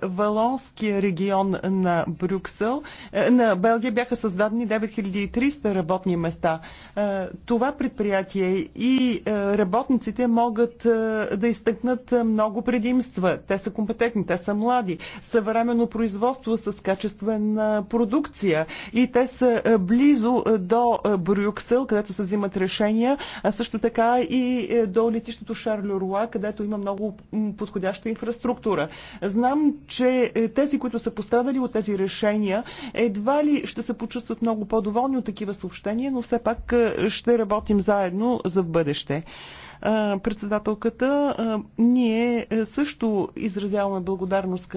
Валонския регион на Брюксел, на Белгия бяха създадени 9300 работни места. Това предприятие и работниците могат да изтъкнат много предимства. Те са компетентни, те са млади, съвременно производство с качествена продукция и те са близо до Брюксел, където се взимат решения Германия, а също така и е, до летището Шарлю Руа, където има много подходяща инфраструктура. Знам, че е, тези, които са пострадали от тези решения, едва ли ще се почувстват много по-доволни от такива съобщения, но все пак е, ще работим заедно за в бъдеще председателката, ние също изразяваме благодарност